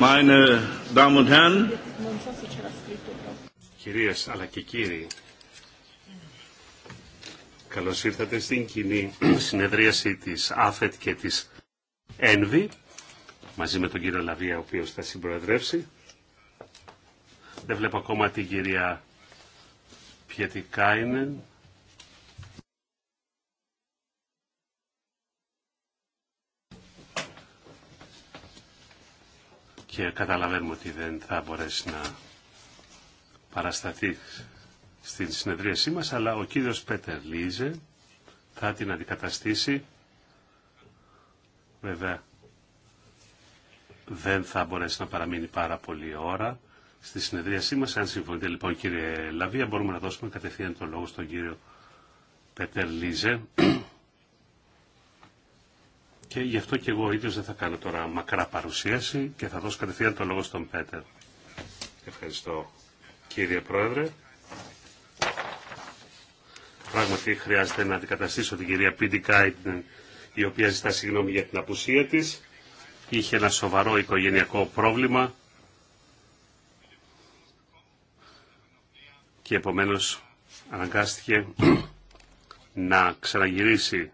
Meine Κυρίες αλλά και κύριοι, καλώς ήρθατε στην κοινή συνεδρίαση της ΑΦΕΤ και της ΕΝΒΗ, μαζί με τον κύριο Λαβία, ο οποίος θα συμπροεδρεύσει. Δεν βλέπω ακόμα την κυρία Πιετικάινεν, και καταλαβαίνουμε ότι δεν θα μπορέσει να παρασταθεί στην συνεδρίασή μας, αλλά ο κύριος Πέτερ Λίζε θα την αντικαταστήσει. Βέβαια, δεν θα μπορέσει να παραμείνει πάρα πολύ ώρα στη συνεδρίασή μας. Αν συμφωνείτε λοιπόν κύριε Λαβία, μπορούμε να δώσουμε κατευθείαν τον λόγο στον κύριο Πέτερ Λίζε. Και γι' αυτό και εγώ ίδιος δεν θα κάνω τώρα μακρά παρουσίαση και θα δώσω κατευθείαν το λόγο στον Πέτερ. Ευχαριστώ κύριε Πρόεδρε. Πράγματι χρειάζεται να αντικαταστήσω την κυρία Πίντι η οποία ζητά συγγνώμη για την απουσία της. Είχε ένα σοβαρό οικογενειακό πρόβλημα και επομένως αναγκάστηκε να ξαναγυρίσει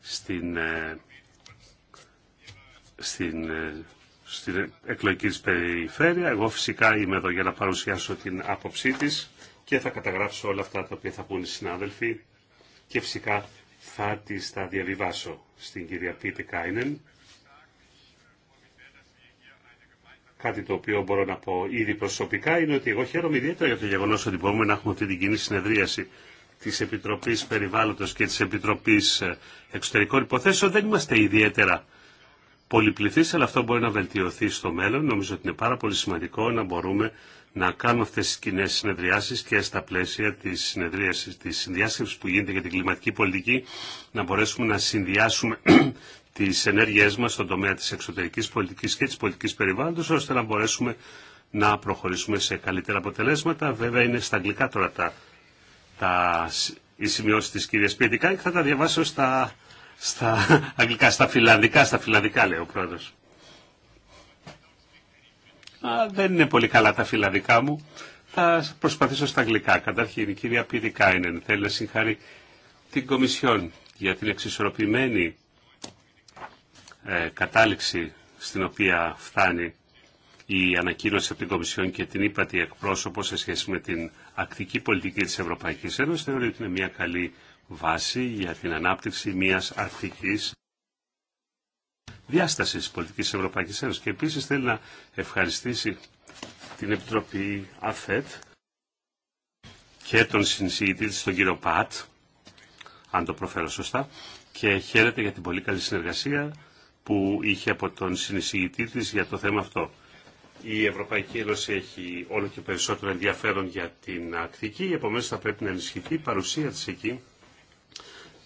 στην ε, στην, ε, στην εκλογική της περιφέρεια. Εγώ φυσικά είμαι εδώ για να παρουσιάσω την άποψή της και θα καταγράψω όλα αυτά τα οποία θα πούν οι συνάδελφοι και φυσικά θα τις θα διαβιβάσω στην κυρία Πίτη Κάινεν. Κάτι το οποίο μπορώ να πω ήδη προσωπικά είναι ότι εγώ χαίρομαι ιδιαίτερα για το γεγονός ότι μπορούμε να έχουμε αυτή την κοινή συνεδρίαση της Επιτροπής Περιβάλλοντος και της Επιτροπής ε, Εξωτερικών Υποθέσεων. Δεν είμαστε ιδιαίτερα πολυπληθής, αλλά αυτό μπορεί να βελτιωθεί στο μέλλον. Νομίζω ότι είναι πάρα πολύ σημαντικό να μπορούμε να κάνουμε αυτές τις κοινέ συνεδριάσεις και στα πλαίσια της συνεδρίασης, της συνδιάσκεψης που γίνεται για την κλιματική πολιτική, να μπορέσουμε να συνδυάσουμε τις ενέργειές μας στον τομέα της εξωτερικής πολιτικής και της πολιτικής περιβάλλοντος, ώστε να μπορέσουμε να προχωρήσουμε σε καλύτερα αποτελέσματα. Βέβαια είναι στα αγγλικά τώρα τα, τα, οι σημειώσει της κυρίας Πιετικά και θα τα διαβάσω στα στα αγγλικά, στα φιλανδικά, στα φιλανδικά λέει ο πρόεδρος. Α, δεν είναι πολύ καλά τα φιλανδικά μου. Θα προσπαθήσω στα αγγλικά. Καταρχήν η κυρία είναι, θέλει να συγχαρεί την Κομισιόν για την εξισορροπημένη ε, κατάληξη στην οποία φτάνει η ανακοίνωση από την Κομισιόν και την ύπαρξη εκπρόσωπο σε σχέση με την ακτική πολιτική της Ευρωπαϊκής Ένωσης θεωρεί ότι είναι μια καλή βάση για την ανάπτυξη μιας αρχικής διάστασης πολιτικής Ευρωπαϊκής Ένωσης. Και επίσης θέλει να ευχαριστήσει την Επιτροπή ΑΦΕΤ και τον συνεισηγητή της τον κύριο Πατ, αν το προφέρω σωστά, και χαίρεται για την πολύ καλή συνεργασία που είχε από τον συνεισηγητή τη για το θέμα αυτό. Η Ευρωπαϊκή Ένωση έχει όλο και περισσότερο ενδιαφέρον για την ακτική. επομένω θα πρέπει να ενισχυθεί η παρουσία της εκεί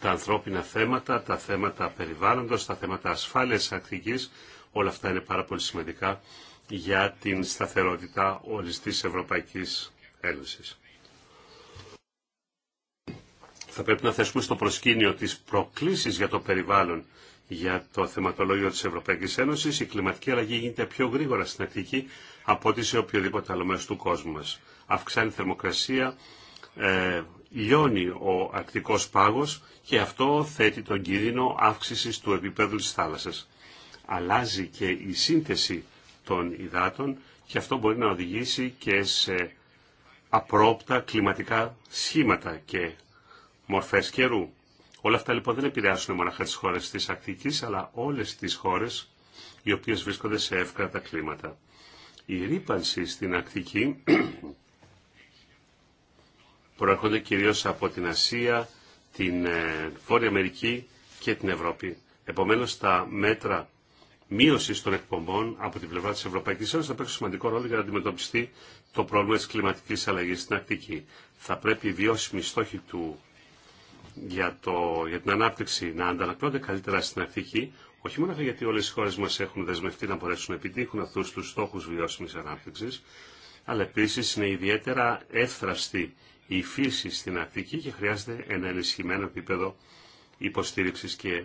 τα ανθρώπινα θέματα, τα θέματα περιβάλλοντος, τα θέματα ασφάλειας ακτικής, όλα αυτά είναι πάρα πολύ σημαντικά για την σταθερότητα όλης της Ευρωπαϊκής Ένωσης. Θα πρέπει να θέσουμε στο προσκήνιο τις προκλήσεις για το περιβάλλον για το θεματολόγιο της Ευρωπαϊκής Ένωσης. Η κλιματική αλλαγή γίνεται πιο γρήγορα στην Αττική από ό,τι σε οποιοδήποτε άλλο μέρος του κόσμου μας. Αυξάνει η θερμοκρασία, ε, λιώνει ο ακτικός πάγος και αυτό θέτει τον κίνδυνο αύξησης του επίπεδου της θάλασσας. Αλλάζει και η σύνθεση των υδάτων και αυτό μπορεί να οδηγήσει και σε απρόπτα κλιματικά σχήματα και μορφές καιρού. Όλα αυτά λοιπόν δεν επηρεάσουν μόνο τις χώρες της Ακτικής, αλλά όλες τις χώρες οι οποίες βρίσκονται σε εύκρατα κλίματα. Η ρήπανση στην Ακτική προέρχονται κυρίως από την Ασία, την ε, Βόρεια Αμερική και την Ευρώπη. Επομένως, τα μέτρα μείωση των εκπομπών από την πλευρά τη Ευρωπαϊκή Ένωση θα παίξουν σημαντικό ρόλο για να αντιμετωπιστεί το πρόβλημα τη κλιματική αλλαγή στην Αρκτική. Θα πρέπει οι βιώσιμοι στόχοι του για, το, για την ανάπτυξη να αντανακλώνται καλύτερα στην Αρκτική, όχι μόνο γιατί όλε οι χώρε μα έχουν δεσμευτεί να μπορέσουν να επιτύχουν αυτού του στόχου βιώσιμη ανάπτυξη, αλλά επίση είναι ιδιαίτερα εύθραστή η φύση στην Ακτική και χρειάζεται ένα ενισχυμένο επίπεδο υποστήριξης και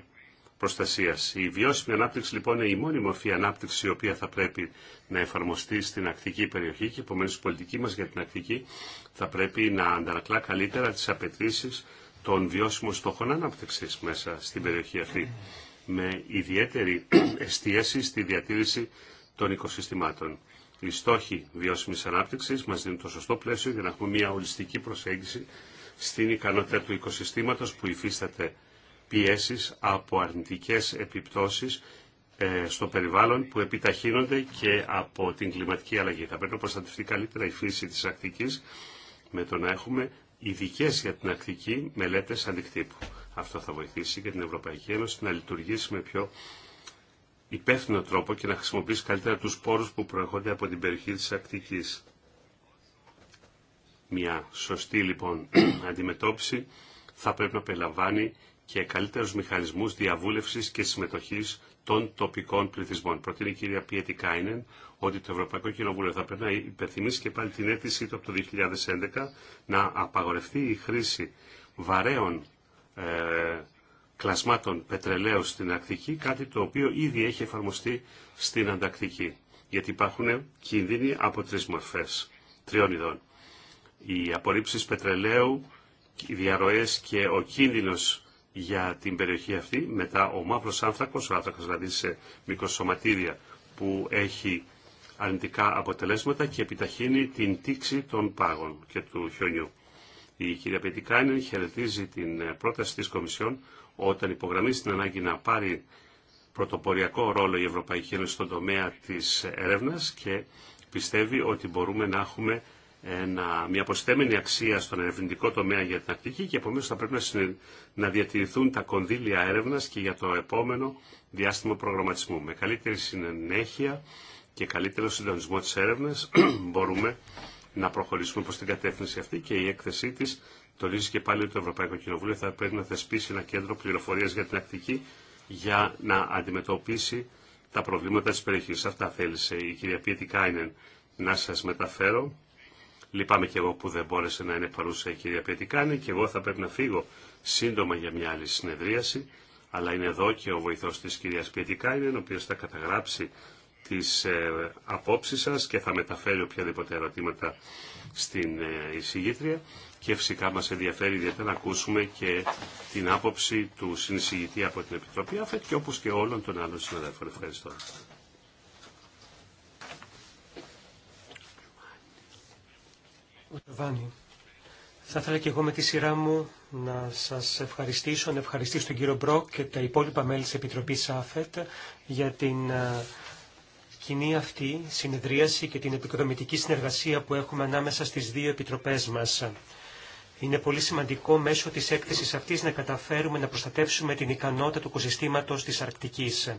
προστασίας. Η βιώσιμη ανάπτυξη λοιπόν είναι η μόνη μορφή ανάπτυξη η οποία θα πρέπει να εφαρμοστεί στην Ακτική περιοχή και επομένω η πολιτική μας για την Ακτική θα πρέπει να αντανακλά καλύτερα τις απαιτήσει των βιώσιμων στόχων ανάπτυξη μέσα στην περιοχή αυτή με ιδιαίτερη εστίαση στη διατήρηση των οικοσυστημάτων οι στόχοι βιώσιμη ανάπτυξη μα δίνουν το σωστό πλαίσιο για να έχουμε μια ολιστική προσέγγιση στην ικανότητα του οικοσυστήματο που υφίσταται πιέσει από αρνητικέ επιπτώσει ε, στο περιβάλλον που επιταχύνονται και από την κλιματική αλλαγή. Θα πρέπει να προστατευτεί καλύτερα η φύση τη ακτική με το να έχουμε ειδικέ για την ακτική μελέτε αντικτύπου. Αυτό θα βοηθήσει και την Ευρωπαϊκή Ένωση να λειτουργήσει με πιο υπεύθυνο τρόπο και να χρησιμοποιήσει καλύτερα τους πόρους που προερχόνται από την περιοχή της Ακτικής. Μια σωστή λοιπόν αντιμετώπιση θα πρέπει να περιλαμβάνει και καλύτερους μηχανισμούς διαβούλευσης και συμμετοχής των τοπικών πληθυσμών. Προτείνει η κυρία Πιέτη ότι το Ευρωπαϊκό Κοινοβούλιο θα πρέπει να υπενθυμίσει και πάλι την αίτησή του από το 2011 να απαγορευτεί η χρήση βαρέων ε, κλασμάτων πετρελαίου στην Αρκτική, κάτι το οποίο ήδη έχει εφαρμοστεί στην Αντακτική. Γιατί υπάρχουν κίνδυνοι από τρει μορφέ τριών ειδών. Οι απορρίψει πετρελαίου, οι διαρροέ και ο κίνδυνο για την περιοχή αυτή, μετά ο μαύρο άνθρακο, ο άνθρακο δηλαδή σε μικροσωματίδια που έχει αρνητικά αποτελέσματα και επιταχύνει την τήξη των πάγων και του χιονιού. Η κυρία Πετικάνη χαιρετίζει την πρόταση της Κομισιόν όταν υπογραμμίζει την ανάγκη να πάρει πρωτοποριακό ρόλο η Ευρωπαϊκή Ένωση στον τομέα της έρευνας και πιστεύει ότι μπορούμε να έχουμε ένα, μια αποστέμενη αξία στον ερευνητικό τομέα για την Αρκτική και επομένως θα πρέπει να, συνε, να διατηρηθούν τα κονδύλια έρευνας και για το επόμενο διάστημα προγραμματισμού. Με καλύτερη συνέχεια και καλύτερο συντονισμό της έρευνας μπορούμε να προχωρήσουμε προς την κατεύθυνση αυτή και η έκθεσή της Τονίζει και πάλι ότι το Ευρωπαϊκό Κοινοβούλιο θα πρέπει να θεσπίσει ένα κέντρο πληροφορία για την Ακτική για να αντιμετωπίσει τα προβλήματα τη περιοχή. Αυτά θέλησε η κυρία Πιετικάινεν να σα μεταφέρω. Λυπάμαι και εγώ που δεν μπόρεσε να είναι παρούσα η κυρία Πιετικάινεν και εγώ θα πρέπει να φύγω σύντομα για μια άλλη συνεδρίαση. Αλλά είναι εδώ και ο βοηθό τη κυρία Πιετικάινεν ο οποίο θα καταγράψει τι ε, σα και θα μεταφέρει οποιαδήποτε ερωτήματα στην ε, εισηγήτρια και φυσικά μας ενδιαφέρει ιδιαίτερα να ακούσουμε και την άποψη του συνεισηγητή από την Επιτροπή ΑΦΕΤ και όπως και όλων των άλλων συναδέλφων. Ευχαριστώ. Θα ήθελα και εγώ με τη σειρά μου να σας ευχαριστήσω, να ευχαριστήσω τον κύριο Μπρόκ και τα υπόλοιπα μέλη της Επιτροπής ΑΦΕΤ για την ε, κοινή αυτή συνεδρίαση και την επικοδομητική συνεργασία που έχουμε ανάμεσα στις δύο επιτροπές μας. Είναι πολύ σημαντικό μέσω της έκθεσης αυτής να καταφέρουμε να προστατεύσουμε την ικανότητα του οικοσυστήματος της Αρκτικής.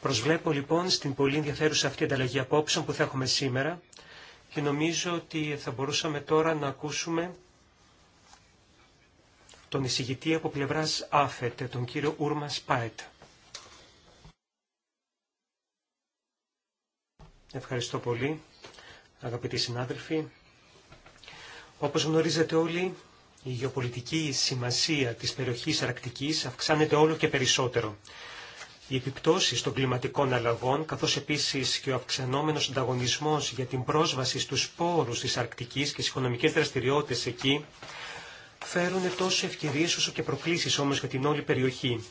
Προσβλέπω λοιπόν στην πολύ ενδιαφέρουσα αυτή ανταλλαγή απόψεων που θα έχουμε σήμερα και νομίζω ότι θα μπορούσαμε τώρα να ακούσουμε τον εισηγητή από πλευράς ΑΦΕΤ, τον κύριο Ούρμα Σπάιτ. Ευχαριστώ πολύ, αγαπητοί συνάδελφοι. Όπως γνωρίζετε όλοι, η γεωπολιτική σημασία της περιοχής Αρκτικής αυξάνεται όλο και περισσότερο. Οι επιπτώσεις των κλιματικών αλλαγών, καθώς επίσης και ο αυξανόμενος ανταγωνισμός για την πρόσβαση στους πόρους της Αρκτικής και στις οικονομικές δραστηριότητες εκεί, φέρουν τόσο ευκαιρίες όσο και προκλήσεις όμως για την όλη περιοχή.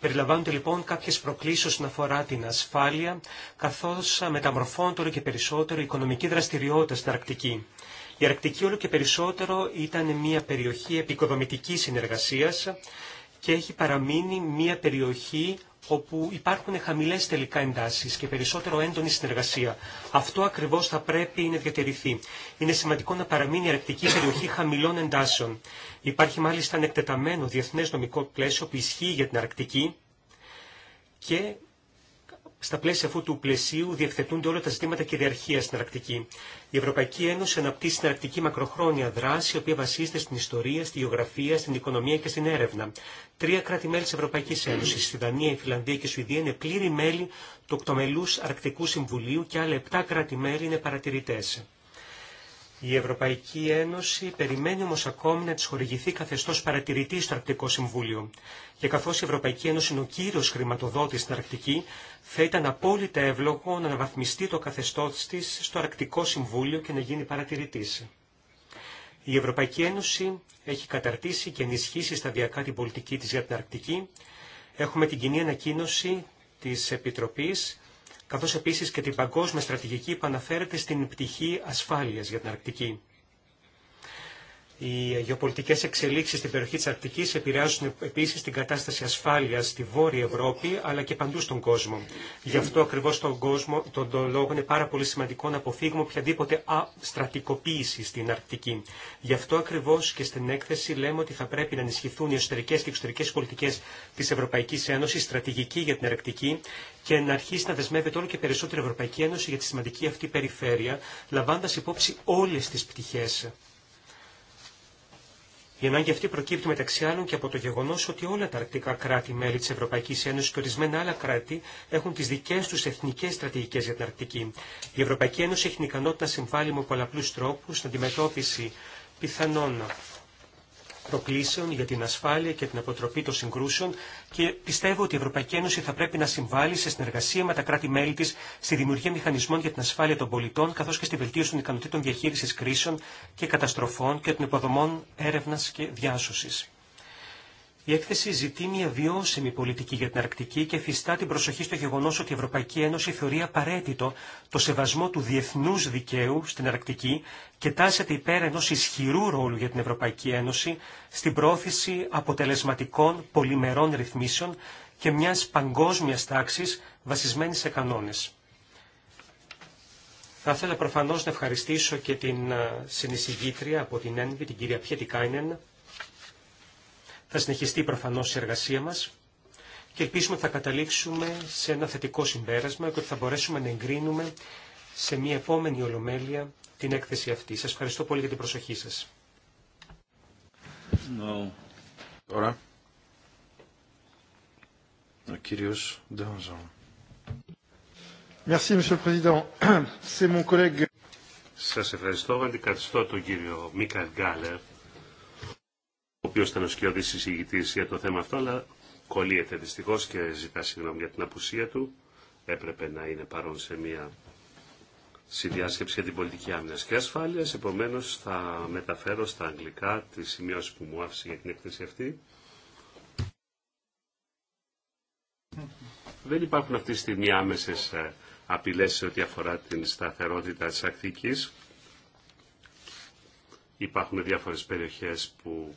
Περιλαμβάνονται λοιπόν κάποιες προκλήσεις όσον αφορά την ασφάλεια, καθώς μεταμορφώνται όλο και περισσότερο η οικονομική δραστηριότητα στην Αρκτική. Η Αρκτική όλο και περισσότερο ήταν μια περιοχή επικοδομητικής συνεργασίας και έχει παραμείνει μια περιοχή όπου υπάρχουν χαμηλές τελικά εντάσεις και περισσότερο έντονη συνεργασία. Αυτό ακριβώς θα πρέπει να διατηρηθεί. Είναι σημαντικό να παραμείνει η αρκτική περιοχή χαμηλών εντάσεων. Υπάρχει μάλιστα εκτεταμένο διεθνές νομικό πλαίσιο που ισχύει για την Αρκτική και στα πλαίσια αυτού του πλαισίου διευθετούνται όλα τα ζητήματα κυριαρχία στην Αρκτική. Η Ευρωπαϊκή Ένωση αναπτύσσει στην Αρκτική μακροχρόνια δράση, η οποία βασίζεται στην ιστορία, στη γεωγραφία, στην οικονομία και στην έρευνα. Τρία κράτη-μέλη τη Ευρωπαϊκή Ένωση, η Δανία, η Φιλανδία και η Σουηδία, είναι πλήρη μέλη του Οκτωμελού Αρκτικού Συμβουλίου και άλλα επτά κράτη-μέλη είναι παρατηρητέ. Η Ευρωπαϊκή Ένωση περιμένει όμω ακόμη να τη χορηγηθεί καθεστώ παρατηρητή στο Αρκτικό Συμβούλιο. Και καθώ η Ευρωπαϊκή Ένωση είναι ο κύριο χρηματοδότη στην Αρκτική, θα ήταν απόλυτα εύλογο να αναβαθμιστεί το καθεστώ τη στο Αρκτικό Συμβούλιο και να γίνει παρατηρητή. Η Ευρωπαϊκή Ένωση έχει καταρτήσει και ενισχύσει σταδιακά την πολιτική τη για την Αρκτική. Έχουμε την κοινή ανακοίνωση τη Επιτροπής καθώς επίσης και την παγκόσμια στρατηγική που αναφέρεται στην πτυχή ασφάλειας για την Αρκτική. Οι γεωπολιτικέ εξελίξει στην περιοχή τη Αρκτική επηρεάζουν επίση την κατάσταση ασφάλεια στη Βόρεια Ευρώπη αλλά και παντού στον κόσμο. Γι' αυτό ακριβώ τον, κόσμο, τον, τον λόγο είναι πάρα πολύ σημαντικό να αποφύγουμε οποιαδήποτε αστρατικοποίηση στην Αρκτική. Γι' αυτό ακριβώ και στην έκθεση λέμε ότι θα πρέπει να ενισχυθούν οι εσωτερικέ και εξωτερικέ πολιτικέ τη Ευρωπαϊκή Ένωση, στρατηγική για την Αρκτική και να αρχίσει να δεσμεύεται όλο και περισσότερο Ευρωπαϊκή Ένωση για τη σημαντική αυτή περιφέρεια, λαμβάνοντα υπόψη όλε τι πτυχέ. Η ανάγκη αυτή προκύπτει μεταξύ άλλων και από το γεγονό ότι όλα τα αρκτικά κράτη-μέλη τη Ευρωπαϊκή Ένωση και ορισμένα άλλα κράτη έχουν τι δικέ του εθνικέ στρατηγικέ για την Αρκτική. Η Ευρωπαϊκή Ένωση έχει την ικανότητα να συμβάλλει με πολλαπλού τρόπου στην αντιμετώπιση πιθανών προκλήσεων, για την ασφάλεια και την αποτροπή των συγκρούσεων και πιστεύω ότι η Ευρωπαϊκή Ένωση θα πρέπει να συμβάλλει σε συνεργασία με τα κράτη-μέλη τη στη δημιουργία μηχανισμών για την ασφάλεια των πολιτών καθώ και στη βελτίωση των ικανοτήτων διαχείριση κρίσεων και καταστροφών και των υποδομών έρευνα και διάσωση. Η έκθεση ζητεί μια βιώσιμη πολιτική για την Αρκτική και φυστά την προσοχή στο γεγονό ότι η Ευρωπαϊκή Ένωση θεωρεί απαραίτητο το σεβασμό του διεθνού δικαίου στην Αρκτική και τάσεται υπέρ ενό ισχυρού ρόλου για την Ευρωπαϊκή Ένωση στην πρόθεση αποτελεσματικών πολυμερών ρυθμίσεων και μια παγκόσμια τάξη βασισμένη σε κανόνε. Θα ήθελα προφανώ να ευχαριστήσω και την ε, συνεισηγήτρια από την ΕΝΒΗ, την κυρία Πιέτη Κάινεν, θα συνεχιστεί προφανώς η εργασία μας και ελπίζουμε ότι θα καταλήξουμε σε ένα θετικό συμπέρασμα και ότι θα μπορέσουμε να εγκρίνουμε σε μια επόμενη ολομέλεια την έκθεση αυτή. Σας ευχαριστώ πολύ για την προσοχή σας. No. Τώρα, ο κύριος Ντόνζον. Merci, Monsieur le Président. C'est mon collègue. Σας ευχαριστώ. Αντικαθιστώ τον κύριο Μίκαλ Γκάλερ οποίο ήταν ο σκιώδη συζητητή για το θέμα αυτό, αλλά κολλείεται δυστυχώ και ζητά συγγνώμη για την απουσία του. Έπρεπε να είναι παρόν σε μια συνδιάσκεψη για την πολιτική άμυνα και ασφάλεια. Επομένω, θα μεταφέρω στα αγγλικά τι σημειώσει που μου άφησε για την έκθεση αυτή. Δεν υπάρχουν αυτή τη στιγμή άμεσε απειλέ σε ό,τι αφορά την σταθερότητα τη Αρκτική. Υπάρχουν διάφορες περιοχές που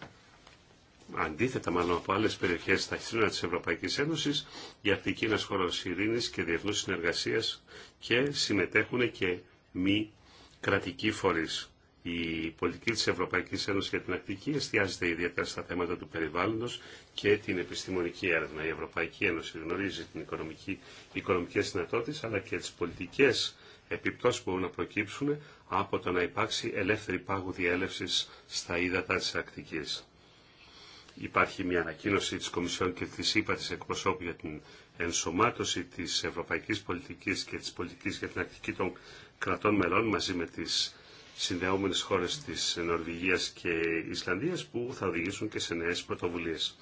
αντίθετα μάλλον από άλλες περιοχές στα σύνορα της Ευρωπαϊκής Ένωσης, η εκεί είναι ένας χώρος ειρήνης και διεθνούς συνεργασίας και συμμετέχουν και μη κρατικοί φορείς. Η πολιτική της Ευρωπαϊκής Ένωσης για την Ακτική εστιάζεται ιδιαίτερα στα θέματα του περιβάλλοντος και την επιστημονική έρευνα. Η Ευρωπαϊκή Ένωση γνωρίζει την οικονομική, οικονομικές δυνατότητες αλλά και τις πολιτικές επιπτώσεις που μπορούν να προκύψουν από το να υπάρξει ελεύθερη πάγου διέλευσης στα ύδατα της Ακτικής. Υπάρχει μια ανακοίνωση της Κομισιόν και της ΥΠΑ της για την ενσωμάτωση της ευρωπαϊκής πολιτικής και της πολιτικής για την ακτική των κρατών μελών μαζί με τις συνδεόμενες χώρες της Νορβηγίας και Ισλανδίας που θα οδηγήσουν και σε νέες πρωτοβουλίες.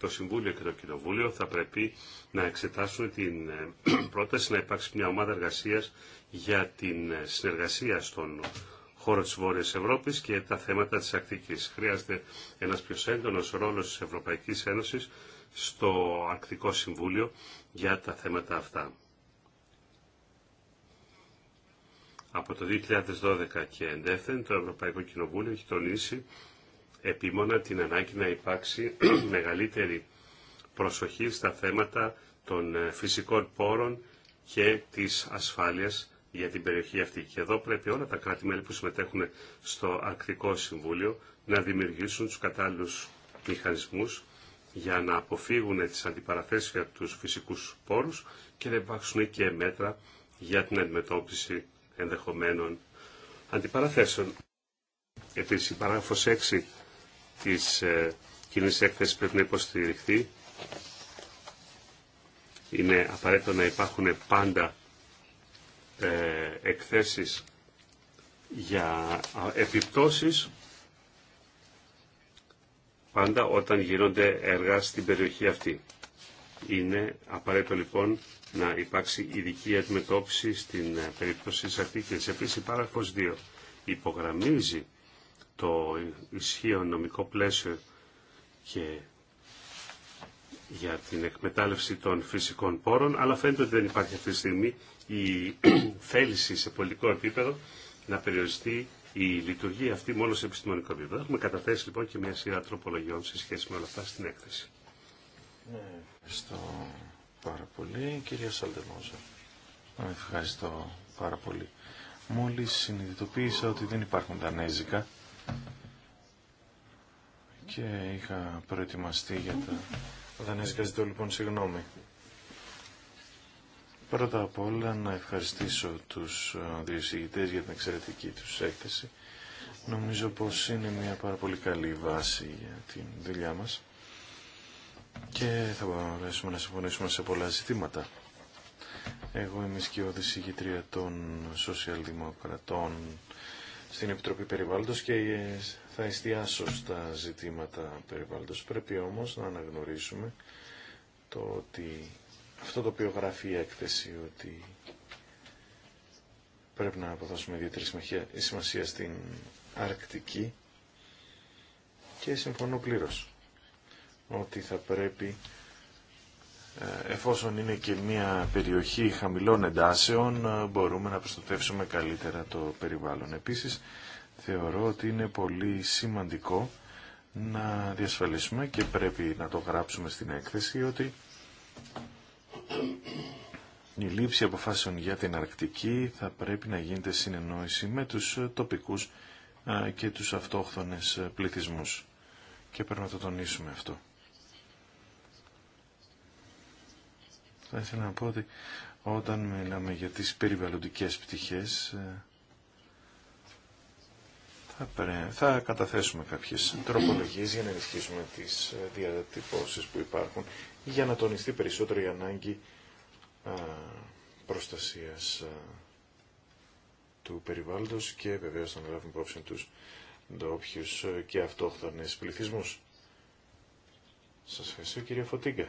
Το Συμβούλιο και το Κοινοβούλιο θα πρέπει να εξετάσουν την ε, πρόταση να υπάρξει μια ομάδα εργασίας για την συνεργασία στον χώρο της Βόρειας Ευρώπης και τα θέματα της Ακτική. Χρειάζεται ένας πιο έντονο ρόλος της Ευρωπαϊκής Ένωσης στο Ακτικό Συμβούλιο για τα θέματα αυτά. Από το 2012 και εντεύθεν το Ευρωπαϊκό Κοινοβούλιο έχει τονίσει επίμονα την ανάγκη να υπάρξει μεγαλύτερη προσοχή στα θέματα των ε, φυσικών πόρων και της ασφάλειας για την περιοχή αυτή. Και εδώ πρέπει όλα τα κράτη-μέλη που συμμετέχουν στο Αρκτικό Συμβούλιο να δημιουργήσουν τους κατάλληλους μηχανισμούς για να αποφύγουν τις αντιπαραθέσεις για τους φυσικούς πόρους και να υπάρξουν και μέτρα για την αντιμετώπιση ενδεχομένων αντιπαραθέσεων. Επίσης, η παράγραφος 6 της ε, κοινή έκθεση πρέπει να υποστηριχθεί. Είναι απαραίτητο να υπάρχουν πάντα ε, εκθέσεις για επιπτώσεις πάντα όταν γίνονται έργα στην περιοχή αυτή. Είναι απαραίτητο λοιπόν να υπάρξει ειδική αντιμετώπιση στην ε, περίπτωση της αυτή και επίσης 2 υπογραμμίζει το ισχύον νομικό πλαίσιο και για την εκμετάλλευση των φυσικών πόρων, αλλά φαίνεται ότι δεν υπάρχει αυτή τη στιγμή η θέληση σε πολιτικό επίπεδο να περιοριστεί η λειτουργία αυτή μόνο σε επιστημονικό επίπεδο. Έχουμε καταθέσει λοιπόν και μια σειρά τροπολογιών σε σχέση με όλα αυτά στην έκθεση. Ναι, ευχαριστώ πάρα πολύ. Κυρία Σαλτεμόζα, ευχαριστώ πάρα πολύ. Μόλις συνειδητοποίησα ότι δεν υπάρχουν δανέζικα και είχα προετοιμαστεί για τα δανέζικα. Ζητώ λοιπόν συγγνώμη. Πρώτα απ' όλα να ευχαριστήσω τους ε, διευθυντές για την εξαιρετική τους έκθεση. Νομίζω πως είναι μια πάρα πολύ καλή βάση για την δουλειά μας και θα μπορέσουμε να συμφωνήσουμε σε πολλά ζητήματα. Εγώ είμαι σκιώδη ηγητρία των σοσιαλδημοκρατών στην Επιτροπή Περιβάλλοντος και ε, θα εστιάσω στα ζητήματα περιβάλλοντος. Πρέπει όμως να αναγνωρίσουμε το ότι αυτό το οποίο γράφει η έκθεση, ότι πρέπει να αποδώσουμε ιδιαίτερη σημασία στην Αρκτική και συμφωνώ πλήρως ότι θα πρέπει ε, εφόσον είναι και μια περιοχή χαμηλών εντάσεων ε, μπορούμε να προστατεύσουμε καλύτερα το περιβάλλον. Επίσης θεωρώ ότι είναι πολύ σημαντικό να διασφαλίσουμε και πρέπει να το γράψουμε στην έκθεση ότι η λήψη αποφάσεων για την Αρκτική θα πρέπει να γίνεται συνεννόηση με τους τοπικούς και τους αυτόχθονες πληθυσμούς. Και πρέπει να το τονίσουμε αυτό. Θα ήθελα να πω ότι όταν μιλάμε για τις περιβαλλοντικές πτυχές ε, θα, θα καταθέσουμε κάποιες τροπολογίες για να ενισχύσουμε τις ε, διατυπώσεις που υπάρχουν για να τονιστεί περισσότερο η ανάγκη προστασίας του περιβάλλοντος και βεβαίως να λάβουμε υπόψη τους ντόπιους και αυτόχθονες πληθυσμούς. Σας ευχαριστώ κύριε Φωτίγκα.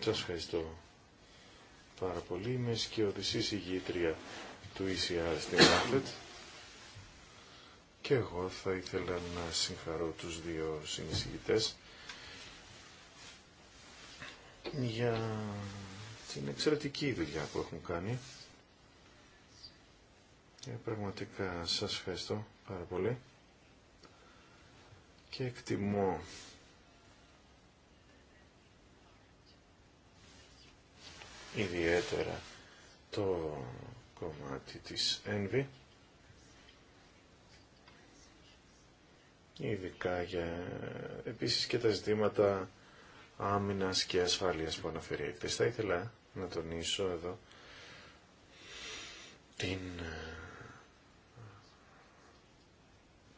Σας ευχαριστώ πάρα πολύ. Είμαι σκιωδησής ηγήτρια του ECR στην Άθλετ και εγώ θα ήθελα να συγχαρώ τους δύο συνεισηγητές για την εξαιρετική δουλειά που έχουν κάνει. Και ε, πραγματικά σας ευχαριστώ πάρα πολύ και εκτιμώ ιδιαίτερα το κομμάτι της Envy ειδικά για επίσης και τα ζητήματα άμυνας και ασφάλειας που αναφέρει η Θα ήθελα να τονίσω εδώ την ε,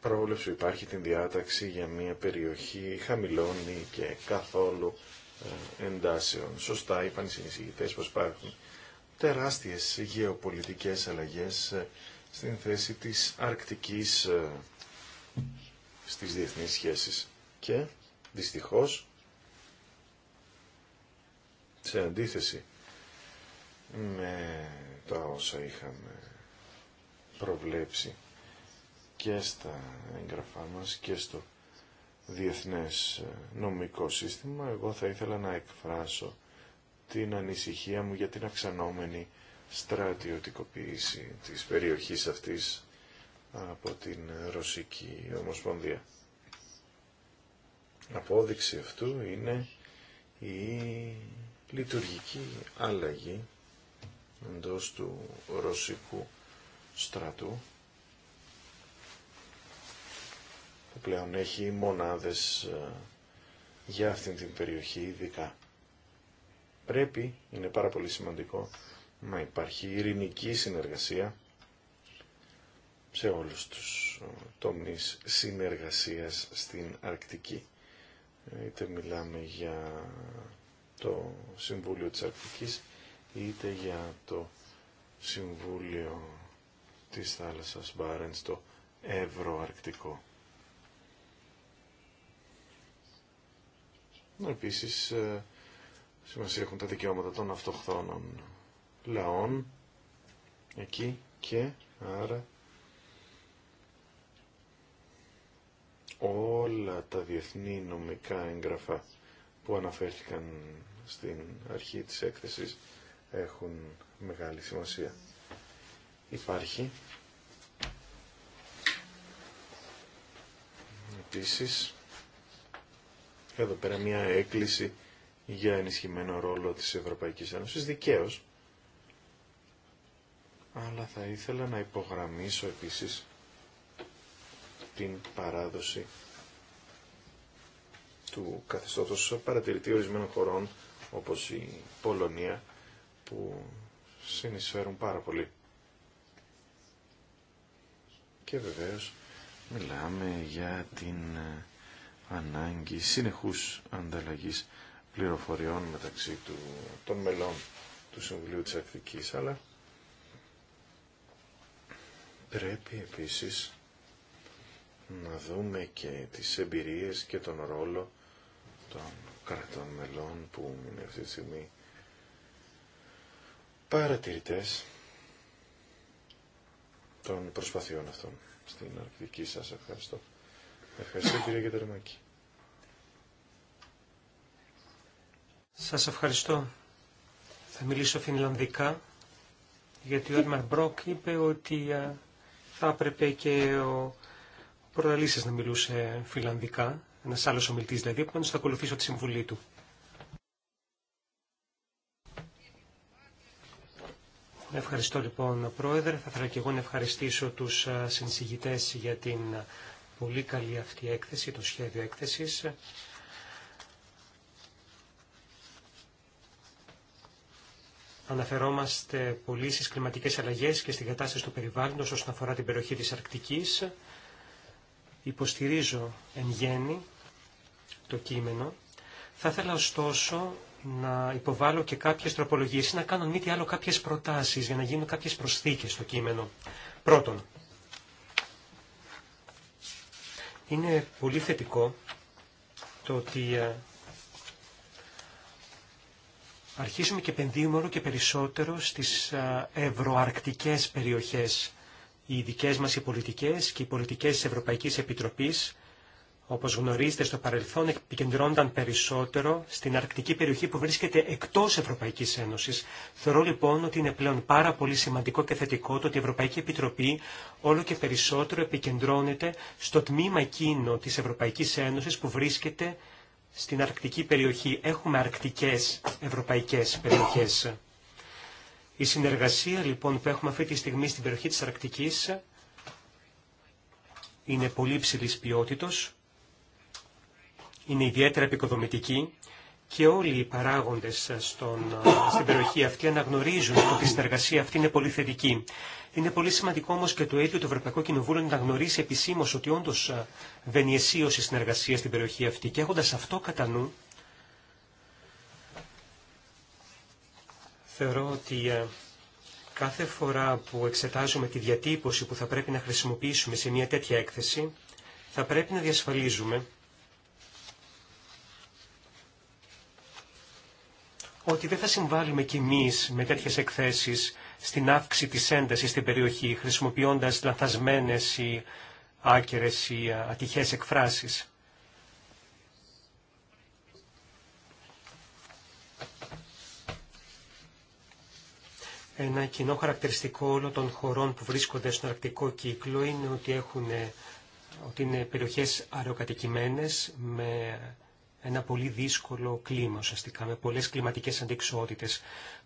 πρόβλεψη υπάρχει την διάταξη για μια περιοχή χαμηλών και καθόλου ε, εντάσεων. Σωστά είπαν οι συνεισηγητές πως υπάρχουν τεράστιες γεωπολιτικές αλλαγές ε, στην θέση της Αρκτικής στις διεθνείς σχέσεις. Και δυστυχώς σε αντίθεση με τα όσα είχαμε προβλέψει και στα έγγραφά μας και στο διεθνές νομικό σύστημα, εγώ θα ήθελα να εκφράσω την ανησυχία μου για την αυξανόμενη στρατιωτικοποίηση της περιοχής αυτής από την Ρωσική Ομοσπονδία. Απόδειξη αυτού είναι η λειτουργική αλλαγή εντός του ρωσικού στρατού που πλέον έχει μονάδες ε, για αυτήν την περιοχή ειδικά. Πρέπει, είναι πάρα πολύ σημαντικό, να υπάρχει ειρηνική συνεργασία σε όλους τους ε, τομείς συνεργασίας στην Αρκτική. Ε, είτε μιλάμε για το Συμβούλιο της Αρκτικής είτε για το Συμβούλιο της Θάλασσας Μπάρενς το Ευρωαρκτικό. Επίσης, ε, σημασία έχουν τα δικαιώματα των αυτοχθόνων λαών εκεί και άρα όλα τα διεθνή νομικά έγγραφα που αναφέρθηκαν στην αρχή της έκθεσης έχουν μεγάλη σημασία. Υπάρχει επίσης εδώ πέρα μια έκκληση για ενισχυμένο ρόλο της Ευρωπαϊκής Ένωσης δικαίως αλλά θα ήθελα να υπογραμμίσω επίσης την παράδοση του καθεστώτος παρατηρητή ορισμένων χωρών όπως η Πολωνία που συνεισφέρουν πάρα πολύ. Και βεβαίως μιλάμε για την ε, ανάγκη συνεχούς ανταλλαγής πληροφοριών μεταξύ του, των μελών του Συμβουλίου της Ακτικής, αλλά πρέπει επίσης να δούμε και τις εμπειρίες και τον ρόλο των κρατών μελών που είναι αυτή τη στιγμή παρατηρητές των προσπαθειών αυτών στην Αρκτική. Σας ευχαριστώ. Ευχαριστώ κύριε Γετερμάκη. Σας ευχαριστώ. Θα μιλήσω φινλανδικά, γιατί ο Έρμαρ Μπρόκ είπε ότι θα έπρεπε και ο σα να μιλούσε φιλανδικά. Ένας άλλος ομιλητής δηλαδή, που θα ακολουθήσω τη συμβουλή του. Ευχαριστώ λοιπόν Πρόεδρε. Θα ήθελα και εγώ να ευχαριστήσω τους συνσηγητές για την πολύ καλή αυτή έκθεση, το σχέδιο έκθεσης. Αναφερόμαστε πολύ στις κλιματικές αλλαγές και στην κατάσταση του περιβάλλοντος όσον αφορά την περιοχή της Αρκτικής. Υποστηρίζω εν γέννη το κείμενο. Θα ήθελα ωστόσο να υποβάλω και κάποιες τροπολογίες να κάνω μη άλλο κάποιες προτάσεις για να γίνουν κάποιες προσθήκες στο κείμενο. Πρώτον, είναι πολύ θετικό το ότι ε, αρχίζουμε και επενδύουμε όλο και περισσότερο στις ε, ευρωαρκτικές περιοχές. Οι δικές μας οι πολιτικές και οι πολιτικές της Ευρωπαϊκής Επιτροπής όπως γνωρίζετε στο παρελθόν επικεντρώνταν περισσότερο στην αρκτική περιοχή που βρίσκεται εκτός Ευρωπαϊκής Ένωσης. Θεωρώ λοιπόν ότι είναι πλέον πάρα πολύ σημαντικό και θετικό το ότι η Ευρωπαϊκή Επιτροπή όλο και περισσότερο επικεντρώνεται στο τμήμα εκείνο της Ευρωπαϊκής Ένωσης που βρίσκεται στην αρκτική περιοχή. Έχουμε αρκτικές ευρωπαϊκές περιοχές. Η συνεργασία λοιπόν που έχουμε αυτή τη στιγμή στην περιοχή της Αρκτικής είναι πολύ ψηλής ποιότητος είναι ιδιαίτερα επικοδομητική και όλοι οι παράγοντες στην περιοχή αυτή αναγνωρίζουν ότι η συνεργασία αυτή είναι πολύ θετική. Είναι πολύ σημαντικό όμως και το ίδιο το Ευρωπαϊκό Κοινοβούλιο να γνωρίσει επισήμως ότι όντως δεν η συνεργασία στην περιοχή αυτή και έχοντας αυτό κατά νου θεωρώ ότι κάθε φορά που εξετάζουμε τη διατύπωση που θα πρέπει να χρησιμοποιήσουμε σε μια τέτοια έκθεση θα πρέπει να διασφαλίζουμε ότι δεν θα συμβάλλουμε κι εμείς με τέτοιες εκθέσεις στην αύξηση της έντασης στην περιοχή, χρησιμοποιώντας λανθασμένες ή άκερες ή ατυχές εκφράσεις. Ένα κοινό χαρακτηριστικό όλων των χωρών που βρίσκονται στον αρκτικό κύκλο είναι ότι, έχουν, ότι είναι περιοχές αεροκατοικημένες με ένα πολύ δύσκολο κλίμα ουσιαστικά, με πολλέ κλιματικέ αντικσότητε.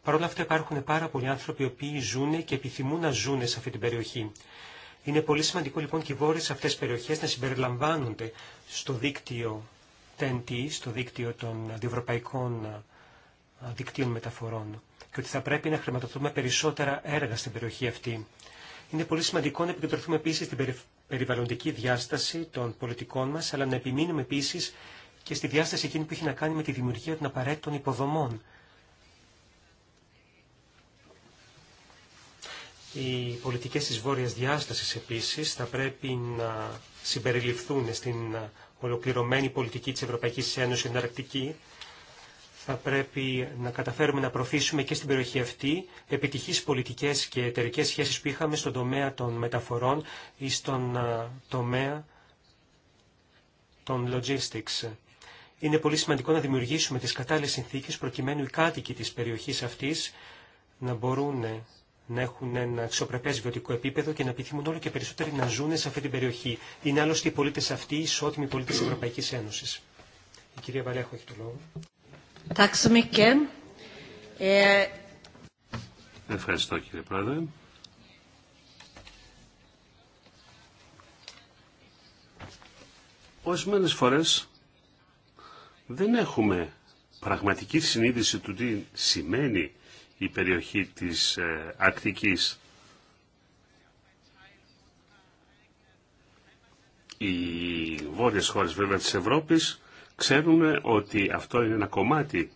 Παρ' όλα αυτά υπάρχουν πάρα πολλοί άνθρωποι οι οποίοι ζουν και επιθυμούν να ζουν σε αυτή την περιοχή. Είναι πολύ σημαντικό λοιπόν και οι βόρειε αυτέ περιοχέ να συμπεριλαμβάνονται στο δίκτυο TNT, στο δίκτυο των αντιευρωπαϊκών δικτύων μεταφορών και ότι θα πρέπει να χρηματοδοτούμε περισσότερα έργα στην περιοχή αυτή. Είναι πολύ σημαντικό να επικεντρωθούμε επίση στην περιβαλλοντική διάσταση των πολιτικών μα, αλλά να επιμείνουμε επίση και στη διάσταση εκείνη που έχει να κάνει με τη δημιουργία των απαραίτητων υποδομών. Οι πολιτικές της βόρειας διάστασης επίσης θα πρέπει να συμπεριληφθούν στην ολοκληρωμένη πολιτική της Ευρωπαϊκής Ένωσης στην Θα πρέπει να καταφέρουμε να προωθήσουμε και στην περιοχή αυτή επιτυχείς πολιτικές και εταιρικές σχέσεις που είχαμε στον τομέα των μεταφορών ή στον ε, τομέα των logistics είναι πολύ σημαντικό να δημιουργήσουμε τις κατάλληλες συνθήκες προκειμένου οι κάτοικοι της περιοχής αυτής να μπορούν να έχουν ένα αξιοπρεπές βιωτικό επίπεδο και να επιθυμούν όλο και περισσότεροι να ζουν σε αυτή την περιοχή. Είναι άλλωστε οι πολίτες αυτοί ισότιμοι πολίτες της Ευρωπαϊκής Ένωσης. Η κυρία Βαρέχο έχει το λόγο. Ε, Ευχαριστώ κύριε Πρόεδρε. φορές δεν έχουμε πραγματική συνείδηση του τι σημαίνει η περιοχή της ε, Οι βόρειες χώρες βέβαια της Ευρώπης ξέρουν ότι αυτό είναι ένα κομμάτι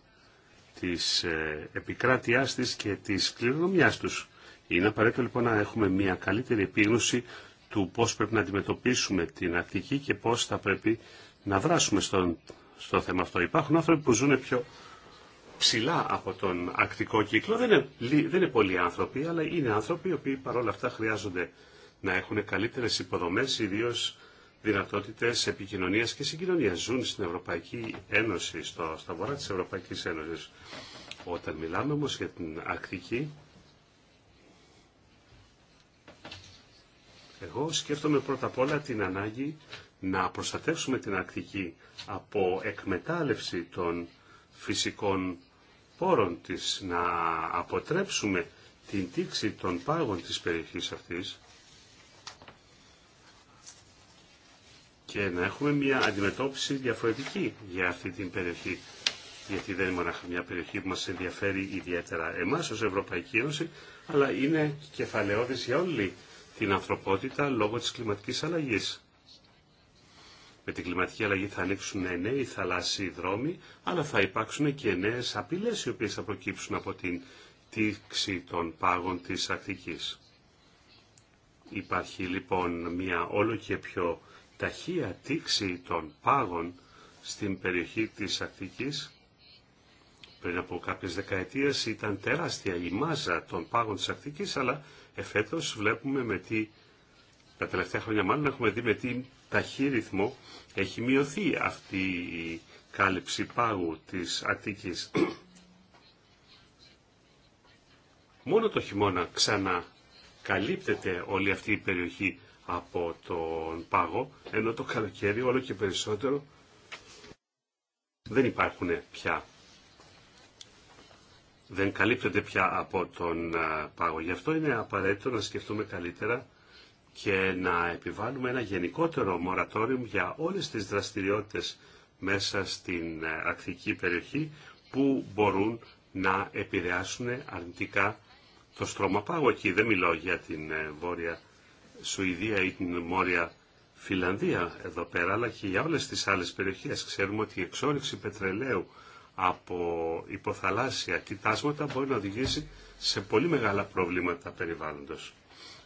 της ε, επικράτειάς της και της κληρονομιάς τους. Είναι απαραίτητο λοιπόν να έχουμε μια καλύτερη επίγνωση του πώς πρέπει να αντιμετωπίσουμε την Αρκτική και πώς θα πρέπει να δράσουμε στον στο θέμα αυτό. Υπάρχουν άνθρωποι που ζουν πιο ψηλά από τον ακτικό κύκλο. Δεν είναι, δεν είναι πολλοί άνθρωποι, αλλά είναι άνθρωποι οι οποίοι παρόλα αυτά χρειάζονται να έχουν καλύτερες υποδομές, ιδίως δυνατότητες επικοινωνία και συγκοινωνία. Ζουν στην Ευρωπαϊκή Ένωση, στο, στα βορρά της Ευρωπαϊκής Ένωσης. Όταν μιλάμε όμω για την ακτική, εγώ σκέφτομαι πρώτα απ' όλα την ανάγκη να προστατεύσουμε την Αρκτική από εκμετάλλευση των φυσικών πόρων της, να αποτρέψουμε την τήξη των πάγων της περιοχής αυτής και να έχουμε μια αντιμετώπιση διαφορετική για αυτή την περιοχή. Γιατί δεν είναι μόνο μια περιοχή που μας ενδιαφέρει ιδιαίτερα εμάς ως Ευρωπαϊκή Ένωση, αλλά είναι κεφαλαιώδης για όλη την ανθρωπότητα λόγω της κλιματικής αλλαγής με την κλιματική αλλαγή θα ανοίξουν νέοι θαλάσσιοι δρόμοι, αλλά θα υπάρξουν και νέε απειλέ οι οποίε θα προκύψουν από την τήξη των πάγων τη Αρκτική. Υπάρχει λοιπόν μια όλο και πιο ταχεία τήξη των πάγων στην περιοχή της ακτική Πριν από κάποιες δεκαετίες ήταν τεράστια η μάζα των πάγων της ακτική, αλλά εφέτος βλέπουμε με τι, τα τελευταία χρόνια μάλλον έχουμε δει με τι ταχύ ρυθμό έχει μειωθεί αυτή η κάλυψη πάγου της Αττικής. Μόνο το χειμώνα ξανακαλύπτεται όλη αυτή η περιοχή από τον πάγο, ενώ το καλοκαίρι όλο και περισσότερο δεν υπάρχουν πια δεν καλύπτεται πια από τον ε, πάγο. Γι' αυτό είναι απαραίτητο να σκεφτούμε καλύτερα και να επιβάλλουμε ένα γενικότερο μορατόριο για όλες τις δραστηριότητες μέσα στην ε, ακτική περιοχή που μπορούν να επηρεάσουν αρνητικά το στρώμα πάγου εκεί. Δεν μιλώ για την ε, Βόρεια Σουηδία ή την Μόρια Φιλανδία εδώ πέρα, αλλά και για όλες τις άλλες περιοχές. Ξέρουμε ότι η εξόριξη πετρελαίου από υποθαλάσσια κοιτάσματα μπορεί να οδηγήσει σε πολύ μεγάλα προβλήματα περιβάλλοντος.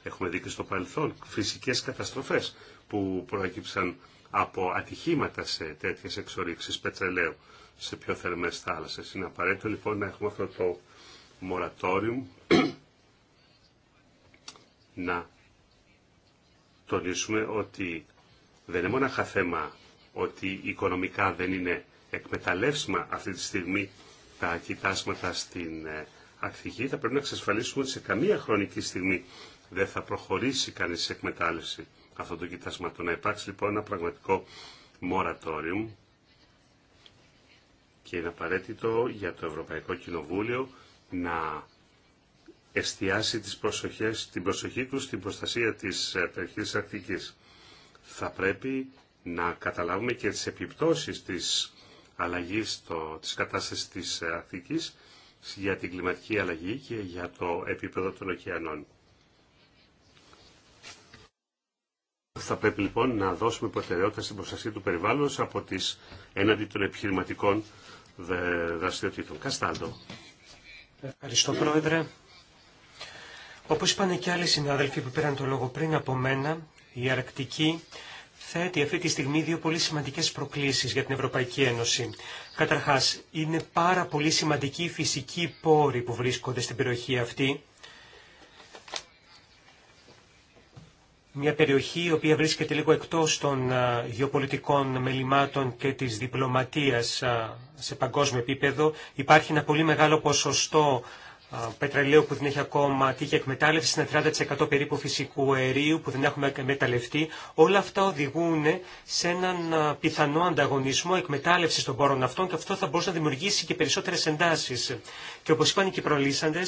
Έχουμε δει και στο παρελθόν φυσικές καταστροφές που προέκυψαν από ατυχήματα σε τέτοιες εξορίξεις πετρελαίου σε πιο θερμές θάλασσες. Είναι απαραίτητο λοιπόν να έχουμε αυτό το μορατόριο να τονίσουμε ότι δεν είναι μόνο θέμα ότι οικονομικά δεν είναι εκμεταλλεύσιμα αυτή τη στιγμή τα κοιτάσματα στην ε, Ακτική. Θα πρέπει να εξασφαλίσουμε ότι σε καμία χρονική στιγμή δεν θα προχωρήσει κανείς σε εκμετάλλευση αυτών των κοιτασμάτων. Να υπάρξει λοιπόν ένα πραγματικό moratorium και είναι απαραίτητο για το Ευρωπαϊκό Κοινοβούλιο να εστιάσει τις προσοχές, την προσοχή του στην προστασία της ε, περιοχής Αρκτικής. Θα πρέπει να καταλάβουμε και τις επιπτώσεις της αλλαγής το, της κατάστασης της ε, Αρκτικής για την κλιματική αλλαγή και για το επίπεδο των ωκεανών. Θα πρέπει λοιπόν να δώσουμε προτεραιότητα στην προστασία του περιβάλλοντος από τις έναντι των επιχειρηματικών δραστηριοτήτων. Καστάλτο. Ευχαριστώ Πρόεδρε. Όπως είπαν και άλλοι συνάδελφοι που πήραν το λόγο πριν από μένα, η Αρκτική θέτει αυτή τη στιγμή δύο πολύ σημαντικές προκλήσεις για την Ευρωπαϊκή Ένωση. Καταρχάς, είναι πάρα πολύ σημαντικοί οι φυσικοί πόροι που βρίσκονται στην περιοχή αυτή μια περιοχή η οποία βρίσκεται λίγο εκτός των γεωπολιτικών μελημάτων και της διπλωματίας σε παγκόσμιο επίπεδο. Υπάρχει ένα πολύ μεγάλο ποσοστό πετρελαίου που δεν έχει ακόμα τύχη εκμετάλλευση, ένα 30% περίπου φυσικού αερίου που δεν έχουμε εκμεταλλευτεί. Όλα αυτά οδηγούν σε έναν πιθανό ανταγωνισμό εκμετάλλευση των πόρων αυτών και αυτό θα μπορούσε να δημιουργήσει και περισσότερε εντάσει. Και όπω είπαν και οι προλύσαντε,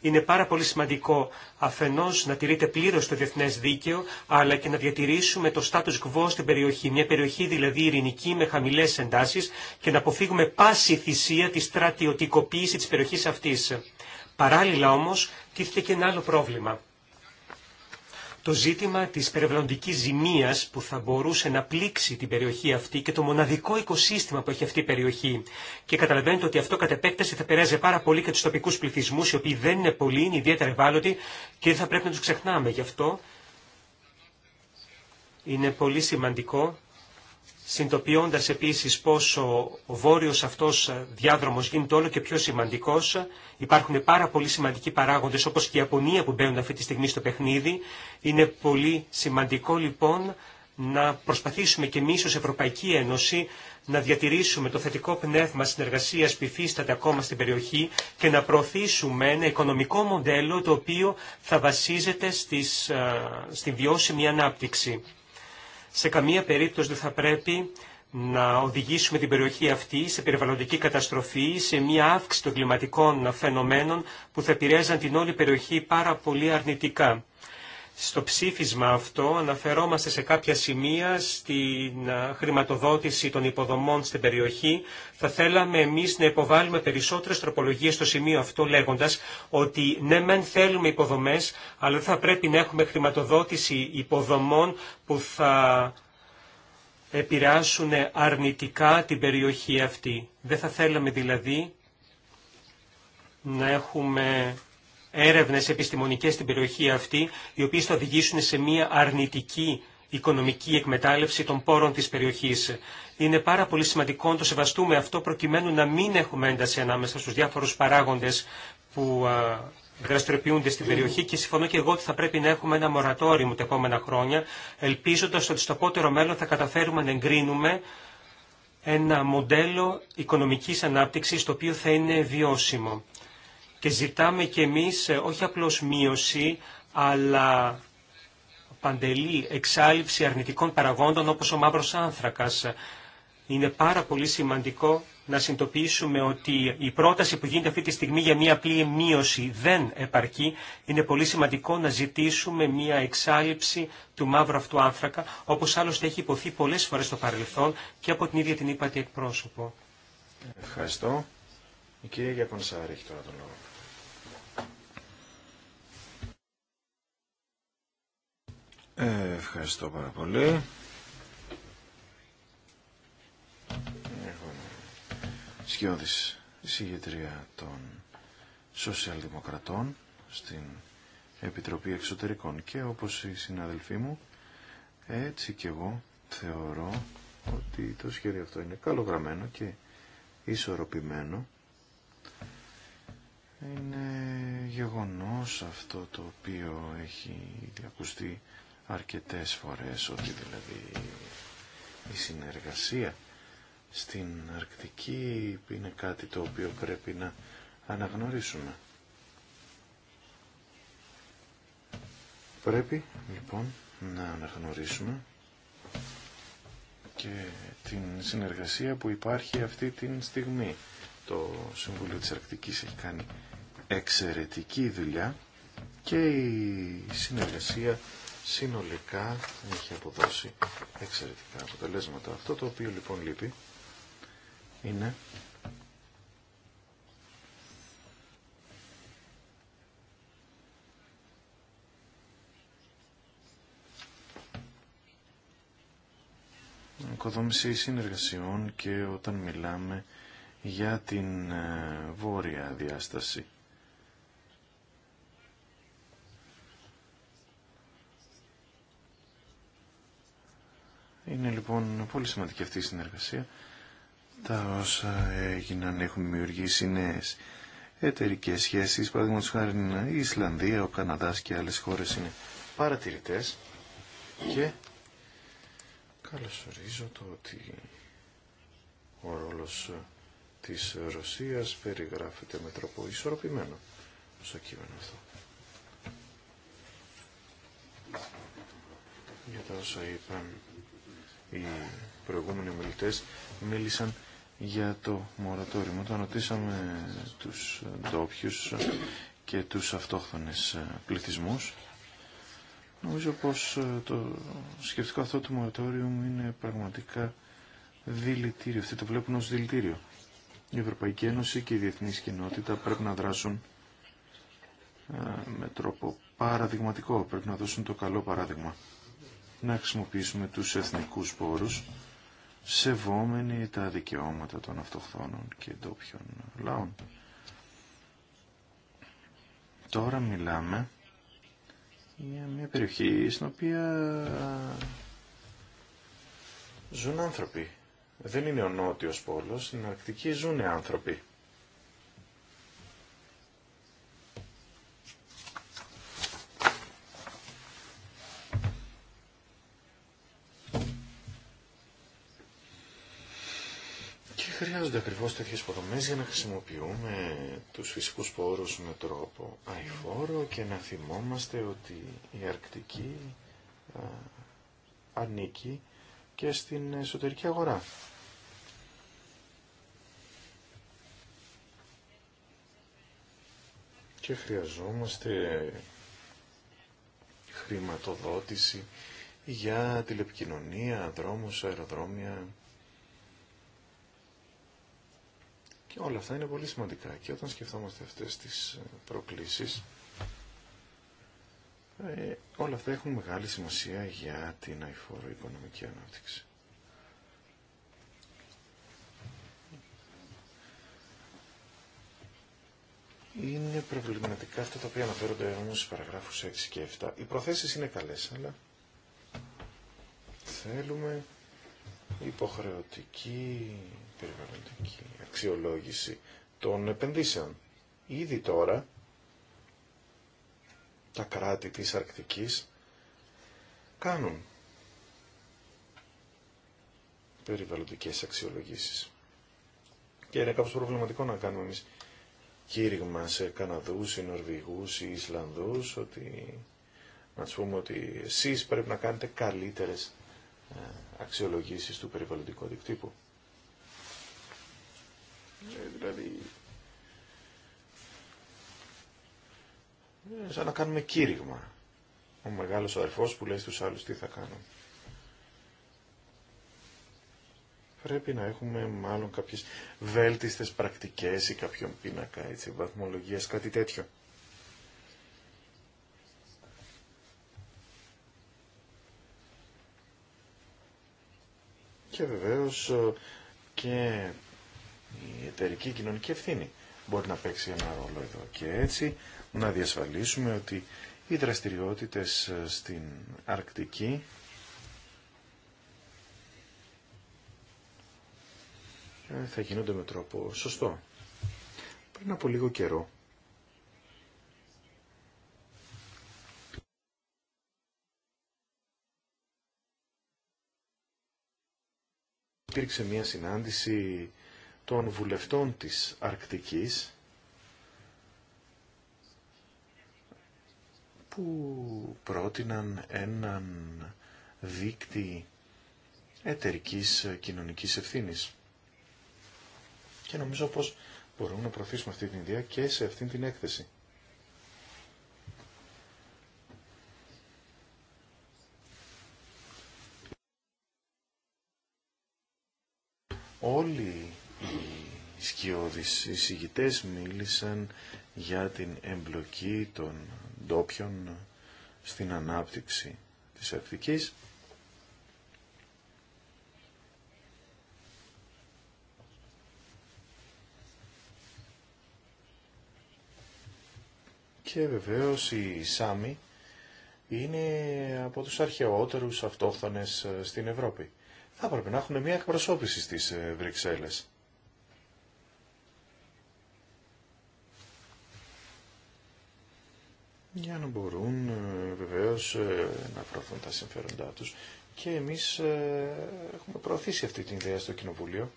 είναι πάρα πολύ σημαντικό αφενό να τηρείται πλήρω το διεθνέ δίκαιο, αλλά και να διατηρήσουμε το status quo στην περιοχή. Μια περιοχή δηλαδή ειρηνική με χαμηλέ εντάσει και να αποφύγουμε πάση θυσία τη στρατιωτικοποίηση τη περιοχή αυτή. Παράλληλα όμως τίθεται και ένα άλλο πρόβλημα. Το ζήτημα της περιβαλλοντικής ζημίας που θα μπορούσε να πλήξει την περιοχή αυτή και το μοναδικό οικοσύστημα που έχει αυτή η περιοχή. Και καταλαβαίνετε ότι αυτό κατ' επέκταση θα περάζει πάρα πολύ και τους τοπικούς πληθυσμούς, οι οποίοι δεν είναι πολλοί, είναι ιδιαίτερα ευάλωτοι και δεν θα πρέπει να τους ξεχνάμε. Γι' αυτό είναι πολύ σημαντικό συντοποιώντας επίσης πόσο ο βόρειος αυτός διάδρομος γίνεται όλο και πιο σημαντικός. Υπάρχουν πάρα πολύ σημαντικοί παράγοντες όπως και η Ιαπωνία που μπαίνουν αυτή τη στιγμή στο παιχνίδι. Είναι πολύ σημαντικό λοιπόν να προσπαθήσουμε και εμείς ως Ευρωπαϊκή Ένωση να διατηρήσουμε το θετικό πνεύμα συνεργασίας που υφίσταται ακόμα στην περιοχή και να προωθήσουμε ένα οικονομικό μοντέλο το οποίο θα βασίζεται στις, ε, στην βιώσιμη ανάπτυξη. Σε καμία περίπτωση δεν θα πρέπει να οδηγήσουμε την περιοχή αυτή σε περιβαλλοντική καταστροφή, σε μια αύξηση των κλιματικών φαινομένων που θα επηρέαζαν την όλη περιοχή πάρα πολύ αρνητικά. Στο ψήφισμα αυτό αναφερόμαστε σε κάποια σημεία στην χρηματοδότηση των υποδομών στην περιοχή. Θα θέλαμε εμείς να υποβάλουμε περισσότερες τροπολογίες στο σημείο αυτό λέγοντας ότι ναι μεν θέλουμε υποδομές αλλά θα πρέπει να έχουμε χρηματοδότηση υποδομών που θα επηρεάσουν αρνητικά την περιοχή αυτή. Δεν θα θέλαμε δηλαδή να έχουμε έρευνες επιστημονικές στην περιοχή αυτή, οι οποίες θα οδηγήσουν σε μια αρνητική οικονομική εκμετάλλευση των πόρων της περιοχής. Είναι πάρα πολύ σημαντικό να το σεβαστούμε αυτό προκειμένου να μην έχουμε ένταση ανάμεσα στους διάφορους παράγοντες που δραστηριοποιούνται στην περιοχή και συμφωνώ και εγώ ότι θα πρέπει να έχουμε ένα μορατόριο τα επόμενα χρόνια, ελπίζοντας ότι στο πότερο μέλλον θα καταφέρουμε να εγκρίνουμε ένα μοντέλο οικονομικής ανάπτυξης το οποίο θα είναι βιώσιμο και ζητάμε και εμείς ε, όχι απλώς μείωση, αλλά παντελή εξάλληψη αρνητικών παραγόντων όπως ο μαύρος άνθρακας. Είναι πάρα πολύ σημαντικό να συντοπίσουμε ότι η πρόταση που γίνεται αυτή τη στιγμή για μια απλή μείωση δεν επαρκεί. Είναι πολύ σημαντικό να ζητήσουμε μια εξάλληψη του μαύρου αυτού άνθρακα, όπως άλλωστε έχει υποθεί πολλές φορές στο παρελθόν και από την ίδια την είπατε εκπρόσωπο. Ευχαριστώ. Η κυρία Γιακονσάρη έχει τώρα τον λόγο. Ε, ευχαριστώ πάρα πολύ. Σκιώδης Συγγετρία των Σοσιαλδημοκρατών στην Επιτροπή Εξωτερικών και όπως οι συναδελφοί μου έτσι και εγώ θεωρώ ότι το σχέδιο αυτό είναι καλογραμμένο και ισορροπημένο είναι γεγονός αυτό το οποίο έχει ακουστεί αρκετές φορές ότι δηλαδή η συνεργασία στην Αρκτική είναι κάτι το οποίο πρέπει να αναγνωρίσουμε. Πρέπει λοιπόν να αναγνωρίσουμε και την συνεργασία που υπάρχει αυτή τη στιγμή. Το Συμβούλιο της Αρκτικής έχει κάνει εξαιρετική δουλειά και η συνεργασία συνολικά έχει αποδώσει εξαιρετικά αποτελέσματα. Αυτό το οποίο λοιπόν λείπει είναι οικοδόμηση συνεργασιών και όταν μιλάμε για την ε, βόρεια διάσταση Είναι λοιπόν πολύ σημαντική αυτή η συνεργασία. Τα όσα έγιναν έχουν δημιουργήσει νέε εταιρικέ σχέσεις. Παραδείγματο χάρη η Ισλανδία, ο Καναδάς και άλλες χώρε είναι παρατηρητέ και καλωσορίζω το ότι ο ρόλο της Ρωσίας περιγράφεται με τρόπο ισορροπημένο στο κείμενο αυτό. Για τα όσα είπαν οι προηγούμενοι ομιλητέ μίλησαν για το μορατόριο. Το ρωτήσαμε τους ντόπιου και τους αυτόχθονες πληθυσμούς, νομίζω πως ε, το σκεφτικό αυτό του μορατόριου είναι πραγματικά δηλητήριο. Αυτοί το βλέπουν ως δηλητήριο. Η Ευρωπαϊκή Ένωση και η Διεθνή κοινότητα πρέπει να δράσουν ε, με τρόπο παραδειγματικό. Πρέπει να δώσουν το καλό παράδειγμα να χρησιμοποιήσουμε τους εθνικούς πόρους σεβόμενοι τα δικαιώματα των αυτοχθόνων και ντόπιων λαών. Τώρα μιλάμε για μια περιοχή στην οποία ζουν άνθρωποι. Δεν είναι ο νότιος πόλος, στην Αρκτική ζουν άνθρωποι. χρειάζονται ακριβώς τέτοιες υποδομές για να χρησιμοποιούμε τους φυσικούς πόρους με τρόπο αηφόρο και να θυμόμαστε ότι η Αρκτική α, ανήκει και στην εσωτερική αγορά. Και χρειαζόμαστε χρηματοδότηση για τηλεπικοινωνία, δρόμους, αεροδρόμια Και όλα αυτά είναι πολύ σημαντικά. Και όταν σκεφτόμαστε αυτές τις ε, προκλήσεις, ε, όλα αυτά έχουν μεγάλη σημασία για την αηφόρο οικονομική ανάπτυξη. Είναι προβληματικά αυτά τα οποία αναφέρονται όμως στις παραγράφους 6 και 7. Οι προθέσεις είναι καλές, αλλά θέλουμε υποχρεωτική περιβαλλοντική αξιολόγηση των επενδύσεων. Ήδη τώρα τα κράτη της Αρκτικής κάνουν περιβαλλοντικές αξιολογήσεις. Και είναι κάπως προβληματικό να κάνουμε εμείς κήρυγμα σε Καναδούς ή Νορβηγούς ή Ισλανδούς ότι να τους πούμε ότι εσείς πρέπει να κάνετε καλύτερες αξιολογήσεις του περιβαλλοντικού αντικτύπου. Ε, δηλαδή, ε, σαν να κάνουμε κήρυγμα. Ο μεγάλος αδερφός που λέει στους άλλους τι θα κάνουν. Πρέπει να έχουμε μάλλον κάποιες βέλτιστες πρακτικές ή κάποιον πίνακα, έτσι, βαθμολογίας, κάτι τέτοιο. και βεβαίως ε, και η εταιρική κοινωνική ευθύνη μπορεί να παίξει ένα ρόλο εδώ και έτσι να διασφαλίσουμε ότι οι δραστηριότητες ε, στην Αρκτική ε, θα γίνονται με τρόπο σωστό. Πριν από λίγο καιρό υπήρξε μια συνάντηση των βουλευτών της Αρκτικής που πρότειναν έναν δίκτυ εταιρικής κοινωνικής ευθύνης. Και νομίζω πως μπορούμε να προωθήσουμε αυτή την ιδέα και σε αυτή την έκθεση. Οι συγητές μίλησαν για την εμπλοκή των ντόπιων στην ανάπτυξη της Αρκτικής. Και βεβαίως οι Σάμι είναι από τους αρχαιότερους αυτόχθονες ε, στην Ευρώπη. Θα έπρεπε να έχουν μια εκπροσώπηση στις ε, Βρυξέλλες. για να μπορούν ε, βεβαίως ε, να προωθούν τα συμφέροντά τους. Και εμείς ε, έχουμε προωθήσει αυτή την ιδέα στο Κοινοβούλιο.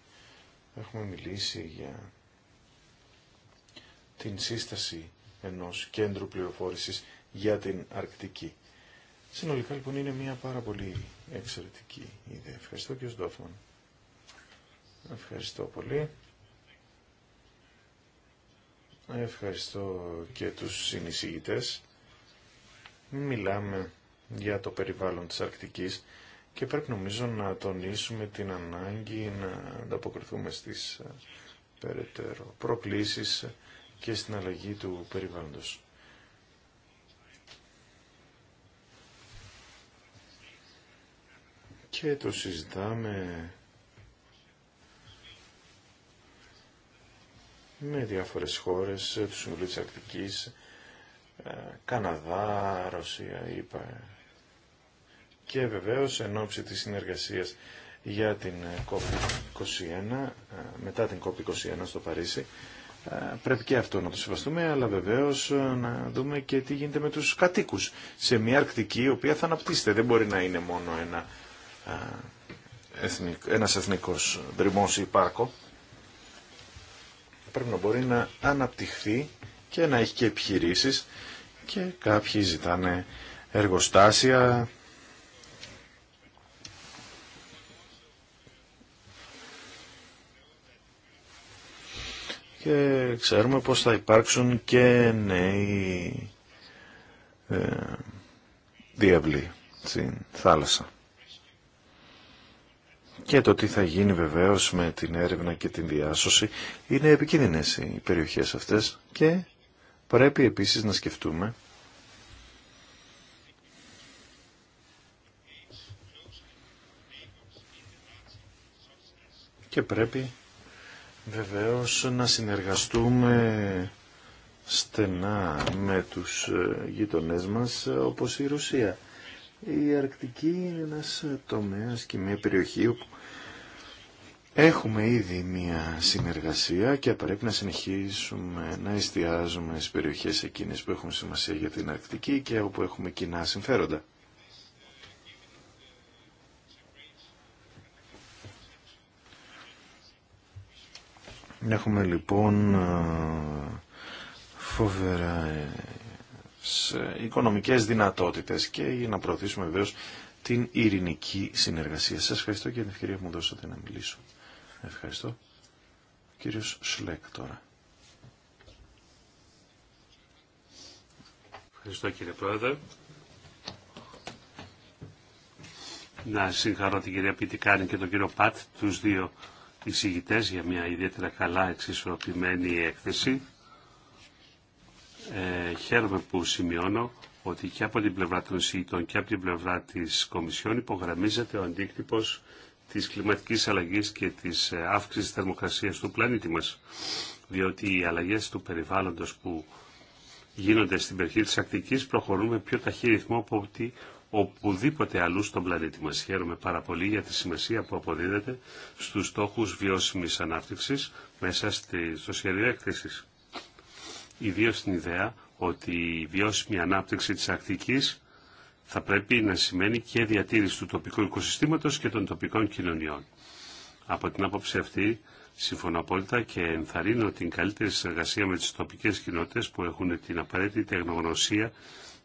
Έχουμε μιλήσει για την σύσταση ενός κέντρου πληροφόρησης για την Αρκτική. Συνολικά λοιπόν είναι μια πάρα πολύ εξαιρετική ιδέα. Ευχαριστώ και Σντόφμαν. Ευχαριστώ πολύ. Ευχαριστώ και τους συνεισηγητές μιλάμε για το περιβάλλον της Αρκτικής και πρέπει νομίζω να τονίσουμε την ανάγκη να ανταποκριθούμε στις ε, περαιτέρω προκλήσεις και στην αλλαγή του περιβάλλοντος. Και το συζητάμε με διάφορες χώρες ε, του Συμβουλίου της Αρκτικής, ε, Καναδά, Ρωσία, είπα και βεβαίως εν ώψη της συνεργασίας για την COP21, ε, ε, μετά την COP21 στο Παρίσι. Πρέπει και αυτό να το σεβαστούμε, αλλά βεβαίως να δούμε και τι γίνεται με τους κατοίκους σε μια Αρκτική, η οποία θα αναπτύσσεται. Δεν μπορεί να είναι μόνο ένα, ένας εθνικός δρυμός ή πάρκο. Πρέπει να μπορεί να αναπτυχθεί και να έχει και επιχειρήσεις και κάποιοι ζητάνε εργοστάσια. Και ξέρουμε πως θα υπάρξουν και νέοι ε, διαβλοί στην θάλασσα. Και το τι θα γίνει βεβαίως με την έρευνα και την διάσωση είναι επικίνδυνες οι περιοχές αυτές και Πρέπει επίσης να σκεφτούμε και πρέπει βεβαίως να συνεργαστούμε στενά με τους ε, γειτονές μας όπως η Ρωσία. Η Αρκτική είναι ένας τομέας και μια περιοχή όπου Έχουμε ήδη μία συνεργασία και πρέπει να συνεχίσουμε να εστιάζουμε στις περιοχές εκείνες που έχουν σημασία για την Αρκτική και όπου έχουμε κοινά συμφέροντα. Έχουμε λοιπόν φοβερά ε, οικονομικές δυνατότητες και για να προωθήσουμε βεβαίως την ειρηνική συνεργασία. Σας ευχαριστώ για την ευκαιρία που μου δώσατε να μιλήσω. Ευχαριστώ. Κύριος Σλέκ τώρα. Ευχαριστώ κύριε Πρόεδρε. Να συγχαρώ την κυρία Πιτικάνη και τον κύριο Πατ, τους δύο εισηγητές για μια ιδιαίτερα καλά εξισορροπημένη έκθεση. Ε, χαίρομαι που σημειώνω ότι και από την πλευρά των εισηγητών και από την πλευρά της Κομισιόν υπογραμμίζεται ο αντίκτυπος της κλιματικής αλλαγής και της ε, αύξησης της θερμοκρασίας του πλανήτη μας. Διότι οι αλλαγές του περιβάλλοντος που γίνονται στην περιοχή της Ακτικής προχωρούν με πιο ταχύ ρυθμό από ότι οπουδήποτε αλλού στον πλανήτη μας. Χαίρομαι πάρα πολύ για τη σημασία που αποδίδεται στους στόχους βιώσιμης ανάπτυξης μέσα στη, στο σχέδιο Ιδίως την ιδέα ότι η βιώσιμη ανάπτυξη της Ακτικής θα πρέπει να σημαίνει και διατήρηση του τοπικού οικοσυστήματος και των τοπικών κοινωνιών. Από την άποψη αυτή, συμφωνώ απόλυτα και ενθαρρύνω την καλύτερη συνεργασία με τις τοπικές κοινότητες που έχουν την απαραίτητη τεχνογνωσία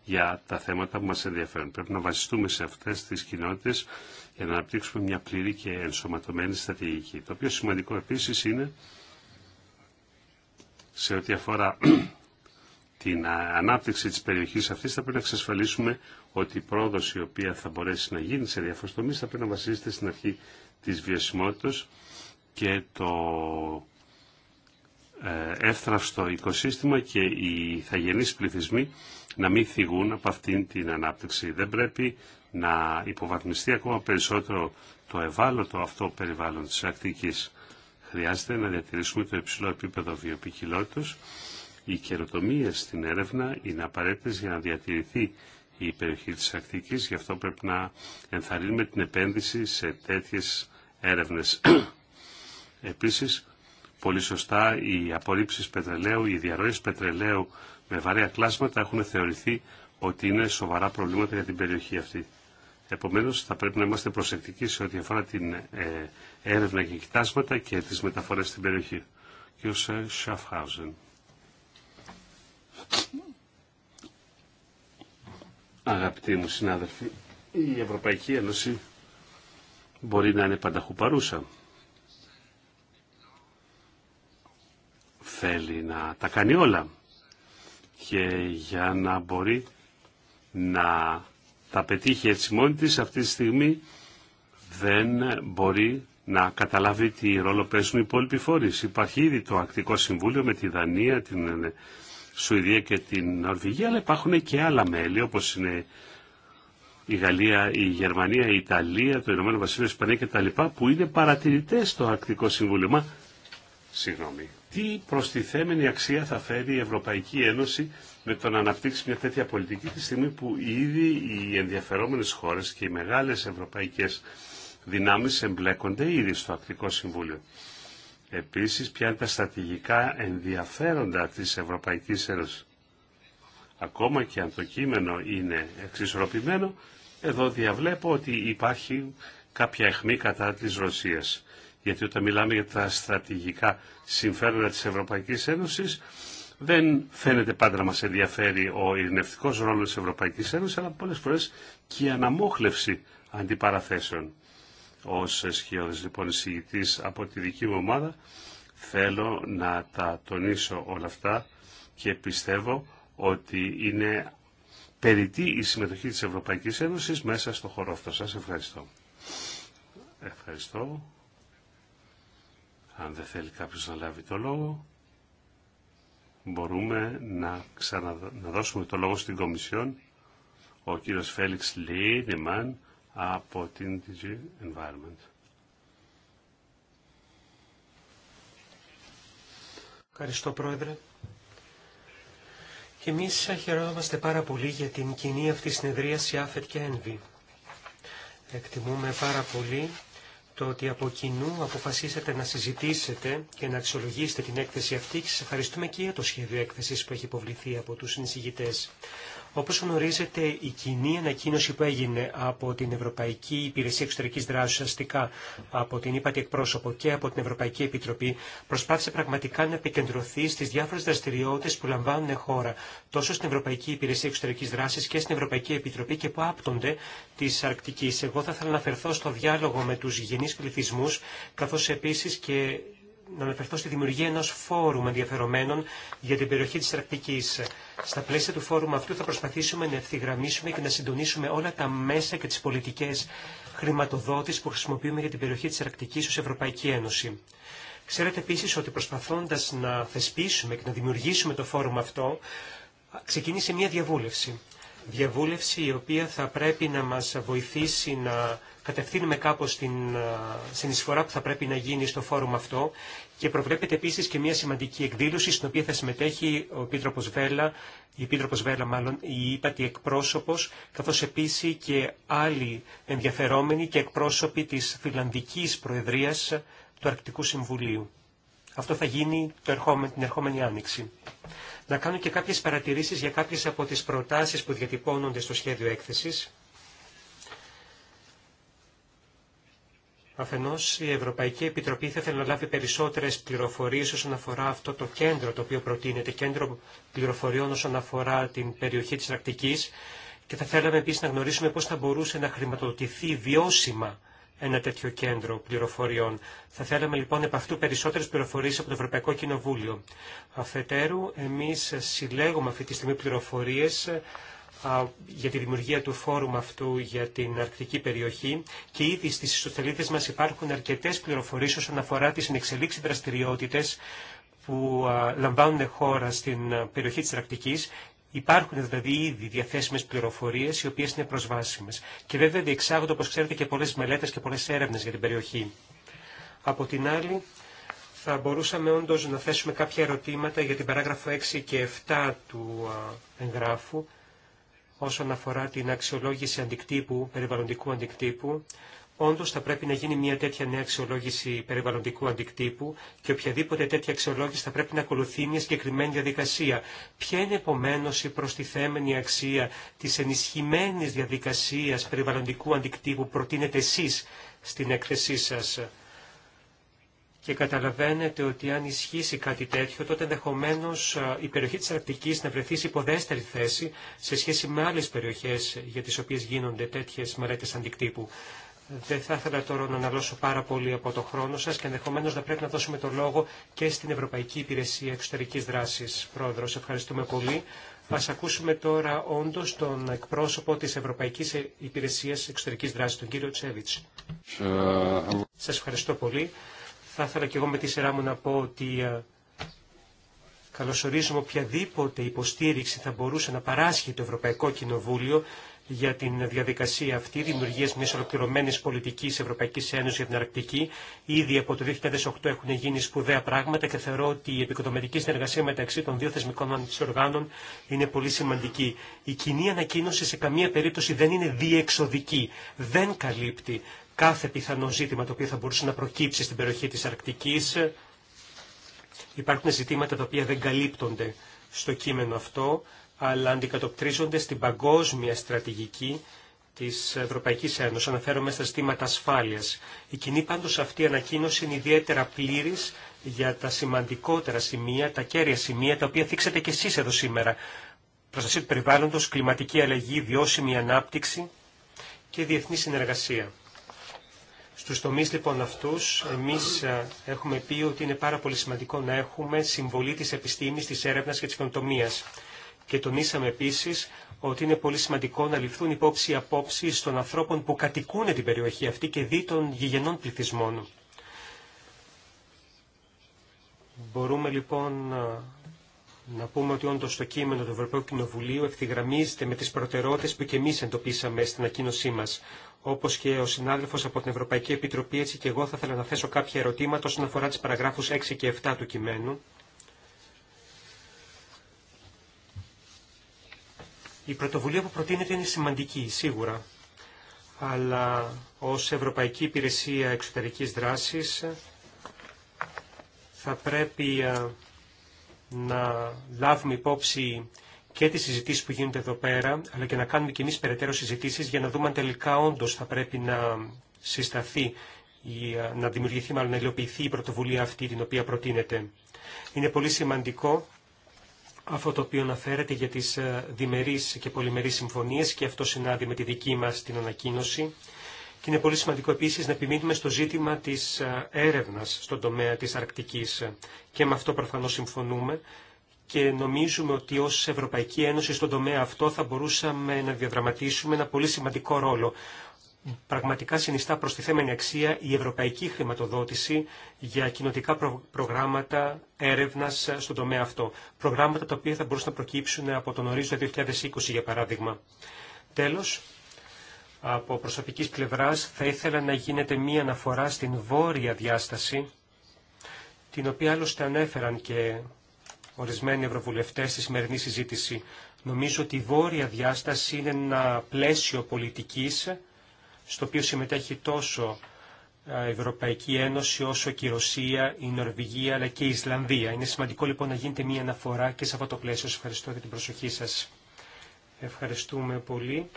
για τα θέματα που μας ενδιαφέρουν. Πρέπει να βασιστούμε σε αυτές τις κοινότητες για να αναπτύξουμε μια πλήρη και ενσωματωμένη στρατηγική. Το πιο σημαντικό επίσης είναι σε ό,τι αφορά την ανάπτυξη της περιοχής αυτής θα πρέπει να εξασφαλίσουμε ότι η πρόοδος η οποία θα μπορέσει να γίνει σε διάφορες τομείς θα πρέπει να βασίζεται στην αρχή της βιωσιμότητας και το ε, εύθραυστο οικοσύστημα και οι θαγενείς πληθυσμοί να μην θυγούν από αυτήν την ανάπτυξη. Δεν πρέπει να υποβαθμιστεί ακόμα περισσότερο το ευάλωτο αυτό περιβάλλον της ακτικής. Χρειάζεται να διατηρήσουμε το υψηλό επίπεδο βιοποικιλότητας οι καινοτομίε στην έρευνα είναι απαραίτητε για να διατηρηθεί η περιοχή τη Αρκτική, γι' αυτό πρέπει να ενθαρρύνουμε την επένδυση σε τέτοιε έρευνε. Επίση, πολύ σωστά, οι απορρίψει πετρελαίου, οι διαρροέ πετρελαίου με βαρέα κλάσματα έχουν θεωρηθεί ότι είναι σοβαρά προβλήματα για την περιοχή αυτή. Επομένω, θα πρέπει να είμαστε προσεκτικοί σε ό,τι αφορά την ε, έρευνα και κοιτάσματα και τι μεταφορέ στην περιοχή. Σαφχάουζεν. Αγαπητοί μου συνάδελφοι, η Ευρωπαϊκή Ένωση μπορεί να είναι πανταχού παρούσα. Θέλει να τα κάνει όλα και για να μπορεί να τα πετύχει έτσι μόνη της αυτή τη στιγμή δεν μπορεί να καταλάβει τι ρόλο παίζουν οι υπόλοιποι φορείς. Υπάρχει ήδη το Ακτικό Συμβούλιο με τη Δανία, την Σουηδία και την Νορβηγία, αλλά υπάρχουν και άλλα μέλη, όπως είναι η Γαλλία, η Γερμανία, η Ιταλία, το Ηνωμένο Βασίλειο, η Ισπανία και τα λοιπά, που είναι παρατηρητέ στο Αρκτικό Συμβούλιο. Μα, συγγνώμη, τι προστιθέμενη αξία θα φέρει η Ευρωπαϊκή Ένωση με το να αναπτύξει μια τέτοια πολιτική τη στιγμή που ήδη οι ενδιαφερόμενε χώρε και οι μεγάλε ευρωπαϊκέ δυνάμει εμπλέκονται ήδη στο Αρκτικό Συμβούλιο. Επίσης, ποια είναι τα στρατηγικά ενδιαφέροντα της Ευρωπαϊκής Ένωσης. Ακόμα και αν το κείμενο είναι εξισορροπημένο, εδώ διαβλέπω ότι υπάρχει κάποια αιχμή κατά της Ρωσίας. Γιατί όταν μιλάμε για τα στρατηγικά συμφέροντα της Ευρωπαϊκής Ένωσης, δεν φαίνεται πάντα να μας ενδιαφέρει ο ειρηνευτικός ρόλος της Ευρωπαϊκής Ένωσης, αλλά πολλές φορές και η αναμόχλευση αντιπαραθέσεων ως αισχυώδης λοιπόν εισηγητής από τη δική μου ομάδα. Θέλω να τα τονίσω όλα αυτά και πιστεύω ότι είναι περιττή η συμμετοχή της Ευρωπαϊκής Ένωσης μέσα στο χώρο αυτό. Σας ευχαριστώ. Ευχαριστώ. Αν δεν θέλει κάποιος να λάβει το λόγο, μπορούμε να, ξαναδώσουμε το λόγο στην Κομισιόν. Ο κύριος Φέλιξ Λίνιμαν, από την DG Environment. Ευχαριστώ Πρόεδρε. Και εμείς χαιρόμαστε πάρα πολύ για την κοινή αυτή συνεδρίαση Άφετ και Ένβη. Εκτιμούμε πάρα πολύ το ότι από κοινού αποφασίσατε να συζητήσετε και να αξιολογήσετε την έκθεση αυτή και σας ευχαριστούμε και για το σχέδιο έκθεσης που έχει υποβληθεί από τους συνεισηγητές. Όπως γνωρίζετε, η κοινή ανακοίνωση που έγινε από την Ευρωπαϊκή Υπηρεσία Εξωτερικής Δράσης, αστικά από την ΥΠΑΤΗ εκπρόσωπο και από την Ευρωπαϊκή Επιτροπή, προσπάθησε πραγματικά να επικεντρωθεί στις διάφορες δραστηριότητες που λαμβάνουν χώρα, τόσο στην Ευρωπαϊκή Υπηρεσία Εξωτερικής Δράσης και στην Ευρωπαϊκή Επιτροπή και που άπτονται της Αρκτικής. Εγώ θα ήθελα να αφαιρθώ στο διάλογο με τους γενείς πληθυσμού καθώς επίσης και να αναφερθώ στη δημιουργία ενός φόρουμ ενδιαφερομένων για την περιοχή της Αρκτικής. Στα πλαίσια του φόρουμ αυτού θα προσπαθήσουμε να ευθυγραμμίσουμε και να συντονίσουμε όλα τα μέσα και τις πολιτικές χρηματοδότης που χρησιμοποιούμε για την περιοχή της Αρκτικής ως Ευρωπαϊκή Ένωση. Ξέρετε επίσης ότι προσπαθώντας να θεσπίσουμε και να δημιουργήσουμε το φόρουμ αυτό, ξεκίνησε μια διαβούλευση. Διαβούλευση η οποία θα πρέπει να μας βοηθήσει να κατευθύνουμε κάπως την ε, συνεισφορά που θα πρέπει να γίνει στο φόρουμ αυτό και προβλέπεται επίσης και μια σημαντική εκδήλωση στην οποία θα συμμετέχει ο Επίτροπος Βέλλα, η Επίτροπος Βέλλα μάλλον, η ύπατη εκπρόσωπος, καθώς επίσης και άλλοι ενδιαφερόμενοι και εκπρόσωποι της Φιλανδικής Προεδρίας του Αρκτικού Συμβουλίου. Αυτό θα γίνει το την ερχόμενη άνοιξη. Να κάνω και κάποιες παρατηρήσεις για κάποιες από τις προτάσεις που διατυπώνονται στο σχέδιο έκθεσης. Αφενός η Ευρωπαϊκή Επιτροπή θα ήθελε να λάβει περισσότερες πληροφορίες όσον αφορά αυτό το κέντρο το οποίο προτείνεται, κέντρο πληροφοριών όσον αφορά την περιοχή της Αρκτικής και θα θέλαμε επίσης να γνωρίσουμε πώς θα μπορούσε να χρηματοδοτηθεί βιώσιμα ένα τέτοιο κέντρο πληροφοριών. Θα θέλαμε λοιπόν επ' αυτού περισσότερες πληροφορίες από το Ευρωπαϊκό Κοινοβούλιο. Αφετέρου, εμείς συλλέγουμε αυτή τη στιγμή πληροφορίες για τη δημιουργία του φόρουμ αυτού για την αρκτική περιοχή και ήδη στις ιστοσελίδε μας υπάρχουν αρκετές πληροφορίες όσον αφορά τις συνεξελίξει δραστηριότητες που λαμβάνουν χώρα στην περιοχή της Αρκτικής Υπάρχουν δηλαδή ήδη διαθέσιμε πληροφορίε οι οποίε είναι προσβάσιμε. Και βέβαια διεξάγονται, όπω ξέρετε, και πολλέ μελέτε και πολλέ έρευνε για την περιοχή. Από την άλλη, θα μπορούσαμε όντω να θέσουμε κάποια ερωτήματα για την παράγραφο 6 και 7 του εγγράφου, όσον αφορά την αξιολόγηση αντικτύπου, περιβαλλοντικού αντικτύπου, Όντω θα πρέπει να γίνει μια τέτοια νέα αξιολόγηση περιβαλλοντικού αντικτύπου και οποιαδήποτε τέτοια αξιολόγηση θα πρέπει να ακολουθεί μια συγκεκριμένη διαδικασία. Ποια είναι επομένω η προστιθέμενη αξία τη ενισχυμένη διαδικασία περιβαλλοντικού αντικτύπου προτείνετε εσεί στην έκθεσή σα. Και καταλαβαίνετε ότι αν ισχύσει κάτι τέτοιο, τότε ενδεχομένω η περιοχή τη Αρκτική να βρεθεί σε υποδέστερη θέση σε σχέση με άλλε περιοχέ για τι οποίε γίνονται τέτοιε μελέτε αντικτύπου. Δεν θα ήθελα τώρα να αναλώσω πάρα πολύ από το χρόνο σα και ενδεχομένω να πρέπει να δώσουμε το λόγο και στην Ευρωπαϊκή Υπηρεσία Εξωτερική Δράση. Πρόεδρο, ευχαριστούμε πολύ. Α ακούσουμε τώρα όντω τον εκπρόσωπο τη Ευρωπαϊκή Υπηρεσία Εξωτερική Δράση, τον κύριο Τσέβιτ. Σα ευχαριστώ πολύ. Θα ήθελα και εγώ με τη σειρά μου να πω ότι ε, καλωσορίζουμε οποιαδήποτε υποστήριξη θα μπορούσε να παράσχει το Ευρωπαϊκό Κοινοβούλιο για την διαδικασία αυτή δημιουργία μια ολοκληρωμένη πολιτική Ευρωπαϊκή Ένωση για την Αρκτική. Ήδη από το 2008 έχουν γίνει σπουδαία πράγματα και θεωρώ ότι η επικοδομητική συνεργασία μεταξύ των δύο θεσμικών οργάνων είναι πολύ σημαντική. Η κοινή ανακοίνωση σε καμία περίπτωση δεν είναι διεξοδική, δεν καλύπτει κάθε πιθανό ζήτημα το οποίο θα μπορούσε να προκύψει στην περιοχή της Αρκτικής. Υπάρχουν ζητήματα τα οποία δεν καλύπτονται στο κείμενο αυτό, αλλά αντικατοπτρίζονται στην παγκόσμια στρατηγική τη Ευρωπαϊκή Ένωση. Αναφέρομαι στα ζητήματα ασφάλεια. Η κοινή πάντω αυτή ανακοίνωση είναι ιδιαίτερα πλήρη για τα σημαντικότερα σημεία, τα κέρια σημεία, τα οποία θίξατε κι εσεί εδώ σήμερα. Προστασία του περιβάλλοντο, κλιματική αλλαγή, βιώσιμη ανάπτυξη και διεθνή συνεργασία. Στους τομείς λοιπόν αυτούς, εμείς ε, έχουμε πει ότι είναι πάρα πολύ σημαντικό να έχουμε συμβολή της επιστήμης, της έρευνας και της καινοτομίας. Και τονίσαμε επίσης ότι είναι πολύ σημαντικό να ληφθούν υπόψη οι απόψεις των ανθρώπων που κατοικούν την περιοχή αυτή και δι' των γηγενών πληθυσμών. Μπορούμε λοιπόν να πούμε ότι όντω το κείμενο του Ευρωπαϊκού Κοινοβουλίου ευθυγραμμίζεται με τι προτεραιότητε που και εμεί εντοπίσαμε στην ακίνωσή μα. Όπω και ο συνάδελφο από την Ευρωπαϊκή Επιτροπή, έτσι και εγώ θα ήθελα να θέσω κάποια ερωτήματα όσον αφορά τι παραγράφου 6 και 7 του κειμένου. Η πρωτοβουλία που προτείνεται είναι σημαντική, σίγουρα. Αλλά ως Ευρωπαϊκή Υπηρεσία Εξωτερικής Δράσης θα πρέπει να λάβουμε υπόψη και τις συζητήσεις που γίνονται εδώ πέρα, αλλά και να κάνουμε κι εμείς περαιτέρω συζητήσεις για να δούμε αν τελικά όντως θα πρέπει να συσταθεί ή να δημιουργηθεί, μάλλον να υλοποιηθεί η πρωτοβουλία αυτή την οποία προτείνεται. Είναι πολύ σημαντικό αυτό το οποίο αναφέρεται για τις ε, διμερείς και πολυμερείς συμφωνίες και αυτό συνάδει με τη δική μας την ανακοίνωση. Και είναι πολύ σημαντικό επίσης να επιμείνουμε στο ζήτημα της ε, έρευνας στον τομέα της Αρκτικής. Και με αυτό προφανώς συμφωνούμε και νομίζουμε ότι ως Ευρωπαϊκή Ένωση στον τομέα αυτό θα μπορούσαμε να διαδραματίσουμε ένα πολύ σημαντικό ρόλο. Πραγματικά συνιστά θέμενη αξία η ευρωπαϊκή χρηματοδότηση για κοινοτικά προγράμματα έρευνας ε, στον τομέα αυτό. Προγράμματα τα οποία θα μπορούσαν να προκύψουν από τον ορίζοντα 2020 για παράδειγμα. Τέλος, από προσωπικής πλευράς θα ήθελα να γίνεται μία αναφορά στην βόρεια διάσταση, την οποία άλλωστε ανέφεραν και ορισμένοι ευρωβουλευτές στη σημερινή συζήτηση. Νομίζω ότι η βόρεια διάσταση είναι ένα πλαίσιο πολιτικής, στο οποίο συμμετέχει τόσο ε, η Ευρωπαϊκή Ένωση όσο και η Ρωσία, η Νορβηγία αλλά και η Ισλανδία. Είναι σημαντικό λοιπόν να γίνεται μία αναφορά και σε αυτό το πλαίσιο. Σας ευχαριστώ για την προσοχή σας. Ευχαριστούμε πολύ.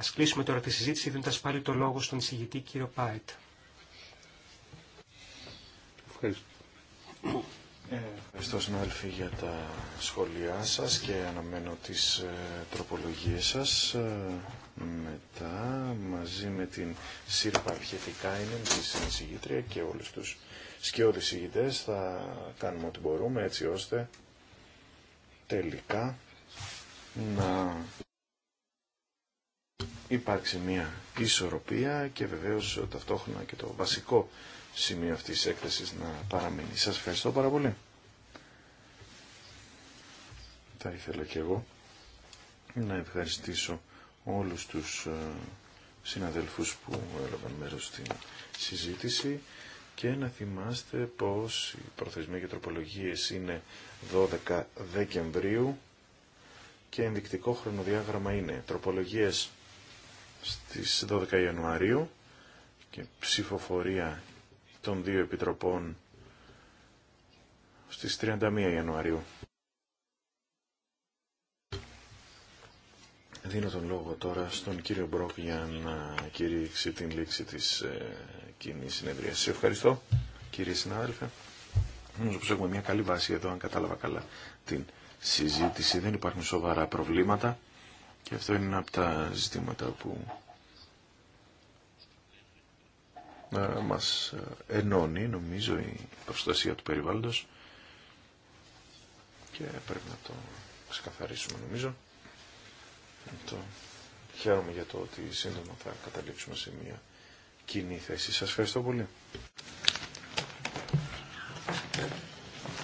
Ας κλείσουμε τώρα τη συζήτηση δίνοντας πάλι το λόγο στον εισηγητή κύριο Πάιτ. Ευχαριστώ. Ε, ευχαριστώ συνάδελφοι για τα σχόλιά σας και αναμένω τις ε, τροπολογίες σας. Ε, μετά μαζί με την Σύρπα είναι τη συνεισηγήτρια και όλους τους σκιώδης συγητές θα κάνουμε ό,τι μπορούμε έτσι ώστε τελικά να υπάρξει μια ισορροπία και βεβαίως ταυτόχρονα και το βασικό σημείο αυτής της έκθεσης να παραμείνει. Σας ευχαριστώ πάρα πολύ. Θα ήθελα και εγώ να ευχαριστήσω όλους τους ε, συναδελφούς που έλαβαν μέρος στην συζήτηση και να θυμάστε πως οι προθεσμοί και τροπολογίες είναι 12 Δεκεμβρίου και ενδεικτικό χρονοδιάγραμμα είναι τροπολογίες στις 12 Ιανουαρίου και ψηφοφορία των δύο επιτροπών στις 31 Ιανουαρίου. Δίνω τον λόγο τώρα στον κύριο Μπρόκ για να κηρύξει την λήξη της ε, κοινή συνεδρίας. Σε ευχαριστώ κύριε συνάδελφε. Νομίζω πως έχουμε μια καλή βάση εδώ αν κατάλαβα καλά την συζήτηση. Δεν υπάρχουν σοβαρά προβλήματα. Και αυτό είναι ένα από τα ζητήματα που ε, μας ε, ενώνει, νομίζω, η προστασία του περιβάλλοντος και πρέπει να το ξεκαθαρίσουμε, νομίζω. Το... Χαίρομαι για το ότι σύντομα θα καταλήξουμε σε μια κοινή θέση. Σας ευχαριστώ πολύ.